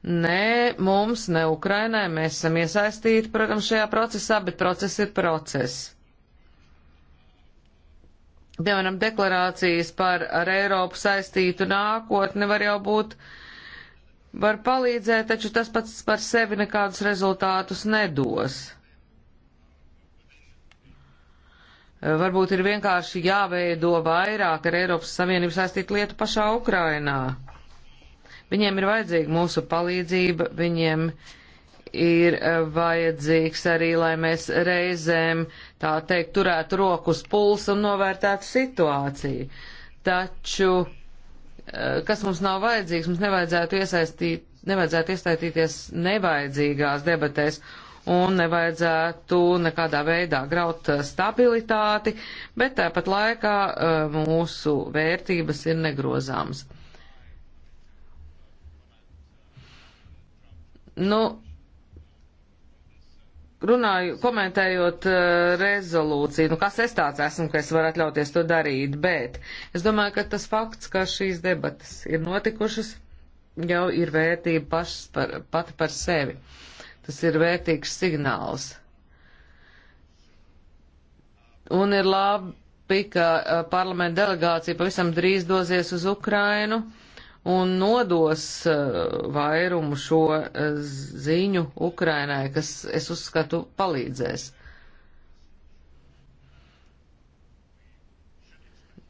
Nē, mums, ne Ukrainai, mēs esam iesaistīti, protams, šajā procesā, bet process ir process. Piemēram, deklarācijas par ar Eiropu saistītu nākotni var jau būt, var palīdzēt, taču tas pats par sevi nekādus rezultātus nedos. Varbūt ir vienkārši jāveido vairāk ar Eiropas Savienību saistītu lietu pašā Ukrainā. Viņiem ir vajadzīga mūsu palīdzība, viņiem ir e, vajadzīgs arī, lai mēs reizēm, tā teikt, turētu rokas pulsu un novērtētu situāciju. Taču, e, kas mums nav vajadzīgs, mums nevajadzētu iesaistīt, nevajadzētu iesaistīties nevajadzīgās debatēs un nevajadzētu nekādā veidā graut e, stabilitāti, bet tāpat laikā mūsu vērtības ir negrozāmas. Nu, runāju, komentējot uh, rezolūciju, nu kas es tāds esmu, ka es varu atļauties to darīt, bet es domāju, ka tas fakts, ka šīs debatas ir notikušas, jau ir vērtība pašas par, pati par sevi. Tas ir vērtīgs signāls. Un ir labi, ka uh, parlamenta delegācija pavisam drīz dosies uz Ukrainu. Uh, un nodos eh, vairumu šo eh, ziņu Ukrainai, kas, es uzskatu, palīdzēs.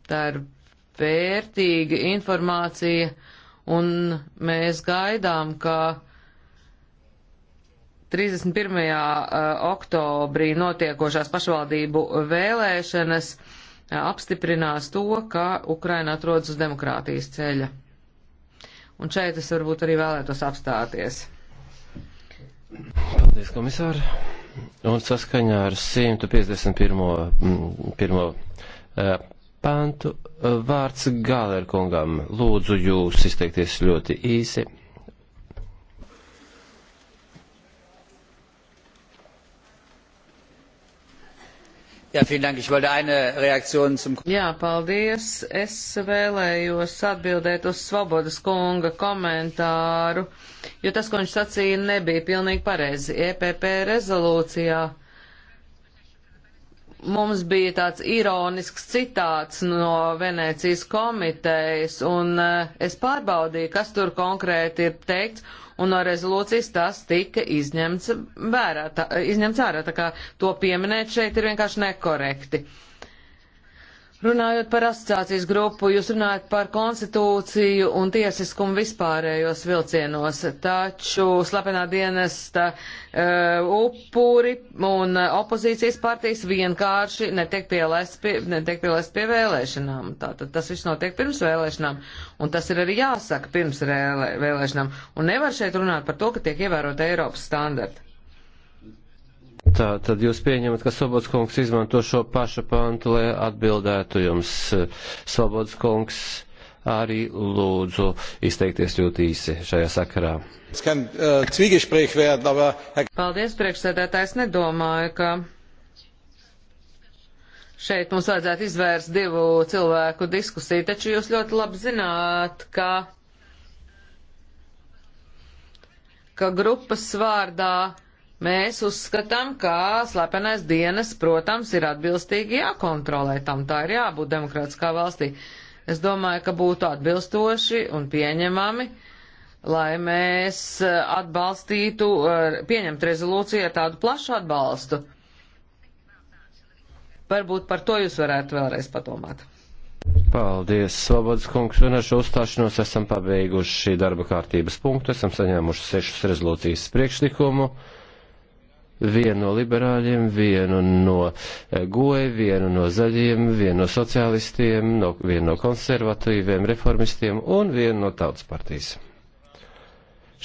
Tā ir vērtīga informācija, un mēs gaidām, ka 31. Eh, oktobrī notiekošās pašvaldību vēlēšanas apstiprinās to, ka Ukraina atrodas uz demokrātijas ceļa. Un šeit es varbūt arī vēlētos apstāties. Paldies, komisāri. Un saskaņā ar 151. Mm, eh, pantu eh, vārds Gālerkungam. Lūdzu jūs izteikties ļoti īsi. Jā, Jā, paldies. Es vēlējos atbildēt uz Svobodas kunga komentāru, jo tas, ko viņš sacīja, nebija pilnīgi pareizi. EPP rezolūcijā mums bija tāds ironisks citāts no Venēcijas komitejas, un eh, es pārbaudīju, kas tur konkrēti ir teikts, un no rezolūcijas tas tika izņemts, vērā, tā, izņemts ārā, tā kā to pieminēt šeit ir vienkārši nekorekti. Uh, Runājot par asociācijas grupu, jūs runājat par konstitūciju un tiesiskumu vispārējos vilcienos, taču slepenā dienesta uh, upuri un eh, opozīcijas partijas vienkārši netiek pielaists pie, netiek pielaist pie vēlēšanām. Tātad tas viss notiek pirms vēlēšanām, un tas ir arī jāsaka pirms vēlēšanām. Un nevar šeit runāt par to, ka tiek ievērota Eiropas standarta. Tā tad jūs pieņemat, ka Svobods kungs izmanto šo pašu pantu, lai atbildētu jums. Svobods kungs arī lūdzu izteikties ļoti īsi šajā sakarā. Paldies, priekšsēdētājs. Nedomāju, ka šeit mums vajadzētu izvērst divu cilvēku diskusiju, taču jūs ļoti labi zināt, ka, ka grupas vārdā Mēs uzskatām, ka slepenais dienas, protams, ir atbilstīgi jākontrolē tam, tā ir jābūt demokrātiskā valstī. Es domāju, ka būtu atbilstoši un pieņemami, lai mēs eh, atbalstītu, eh, pieņemt rezolūciju ar tādu plašu atbalstu. Varbūt par to jūs varētu vēlreiz padomāt. Paldies, Svobodas kungs, un ar šo uzstāšanos esam pabeiguši šī darba kārtības punktu, esam saņēmuši sešus rezolūcijas priekšlikumu vienu no liberāļiem, vienu no eh, goja, vienu no zaļiem, vienu no sociālistiem, no, vienu no konservatīviem, reformistiem un vienu no tautas partijas.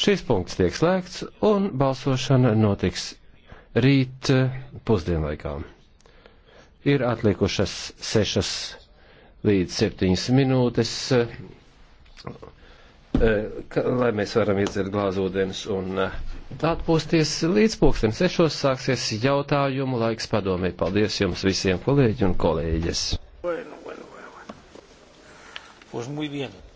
Šis punkts tiek slēgts un balsošana notiks rīt eh, pusdienlaikā. Ir atlikušas sešas līdz septiņas minūtes, eh, lai mēs varam iedzert glāzūdens un atpūsties līdz pulksten sešos sāksies jautājumu laiks padomē. Paldies jums visiem kolēģi un kolēģis. Bueno, bueno, bueno, bueno. Pues muy bien.